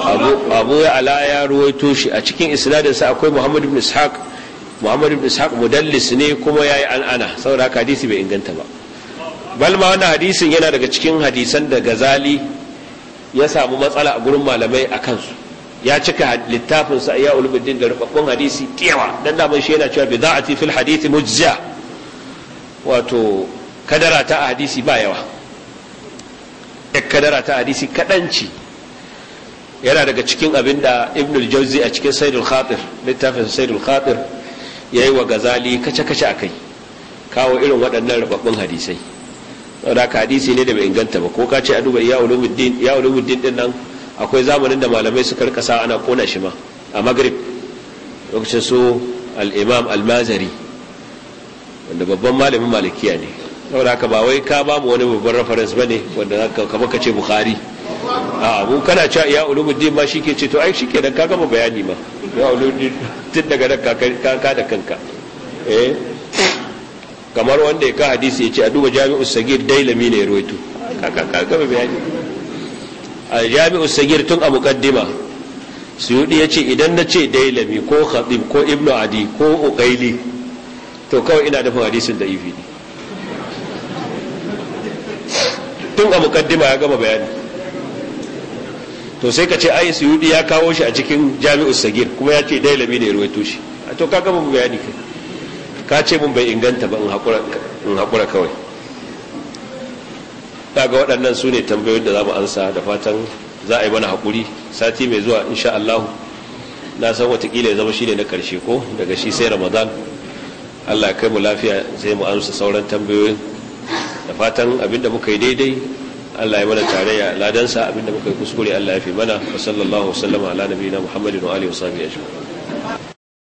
abu abu ya ala ya ruwaito shi a cikin isnadin sa akwai muhammad ibn ishaq muhammad ibn ishaq mudallis ne kuma yayi an ana saboda hadisi bai inganta ba bal ma wannan hadisin yana daga cikin hadisan da gazali ya samu matsala a gurin malamai a kansu ya cika littafin sa ya ulubuddin da rubabbun hadisi tiyawa dan da shi yana cewa bid'ati fil hadisi mujza wato kadara ta hadisi ba yawa kadara ta hadisi kadanci yana daga cikin abinda ibnul jawzi a cikin saidul khatir littafin saidul khatir ya yi wa gazali kace-kace a kai kawo irin waɗannan rubabbun hadisai saboda ka hadisi ne da bai inganta ba ko ka ce a duba ya ulumuddin din nan akwai zamanin da malamai suka rika sa ana kona shi ma a magrib lokacin su al-imam al-mazari wanda babban malamin malikiya ne saboda haka ba wai ka ba mu wani babban reference bane wanda kamar ka ce bukhari a abu kana cewa ya ulumuddin ma shi ke ce to ai shi ke ka gama bayani ma ya ulumuddin tun daga nan ka da kanka eh kamar wanda ya ka hadisi ya ce a duba jami'us sagir dailami ne ya ruwaito ka gama bayani A jami'u sagir tun a muqaddima suyudi yace idan na ce dailami ko khatib ko ibnu adi ko uqaili to kawai ina dafa hadisin da ifi tun a mukaddima ya gama bayani to sai ka ce ai suyudi ya kawo shi a cikin jami'u sagir kuma ya ce dailami ne ruwaito shi to ka gama bayani kai ka ce mun bai inganta ba in haƙura kawai daga waɗannan su ne tambayoyin da za mu ansa da fatan za a yi mana haƙuri sati mai zuwa insha Allah na san watakila ya zama shi ne na ƙarshe ko daga shi sai ramadan Allah kai mu lafiya sai mu amsa sauran tambayoyin da fatan abinda muka yi daidai Allah ya mana tarayya ladansa abinda muka yi kuskure Allah ya fi mana wa sallallahu wasallama ala nabiyina Muhammadin wa alihi wa sahbihi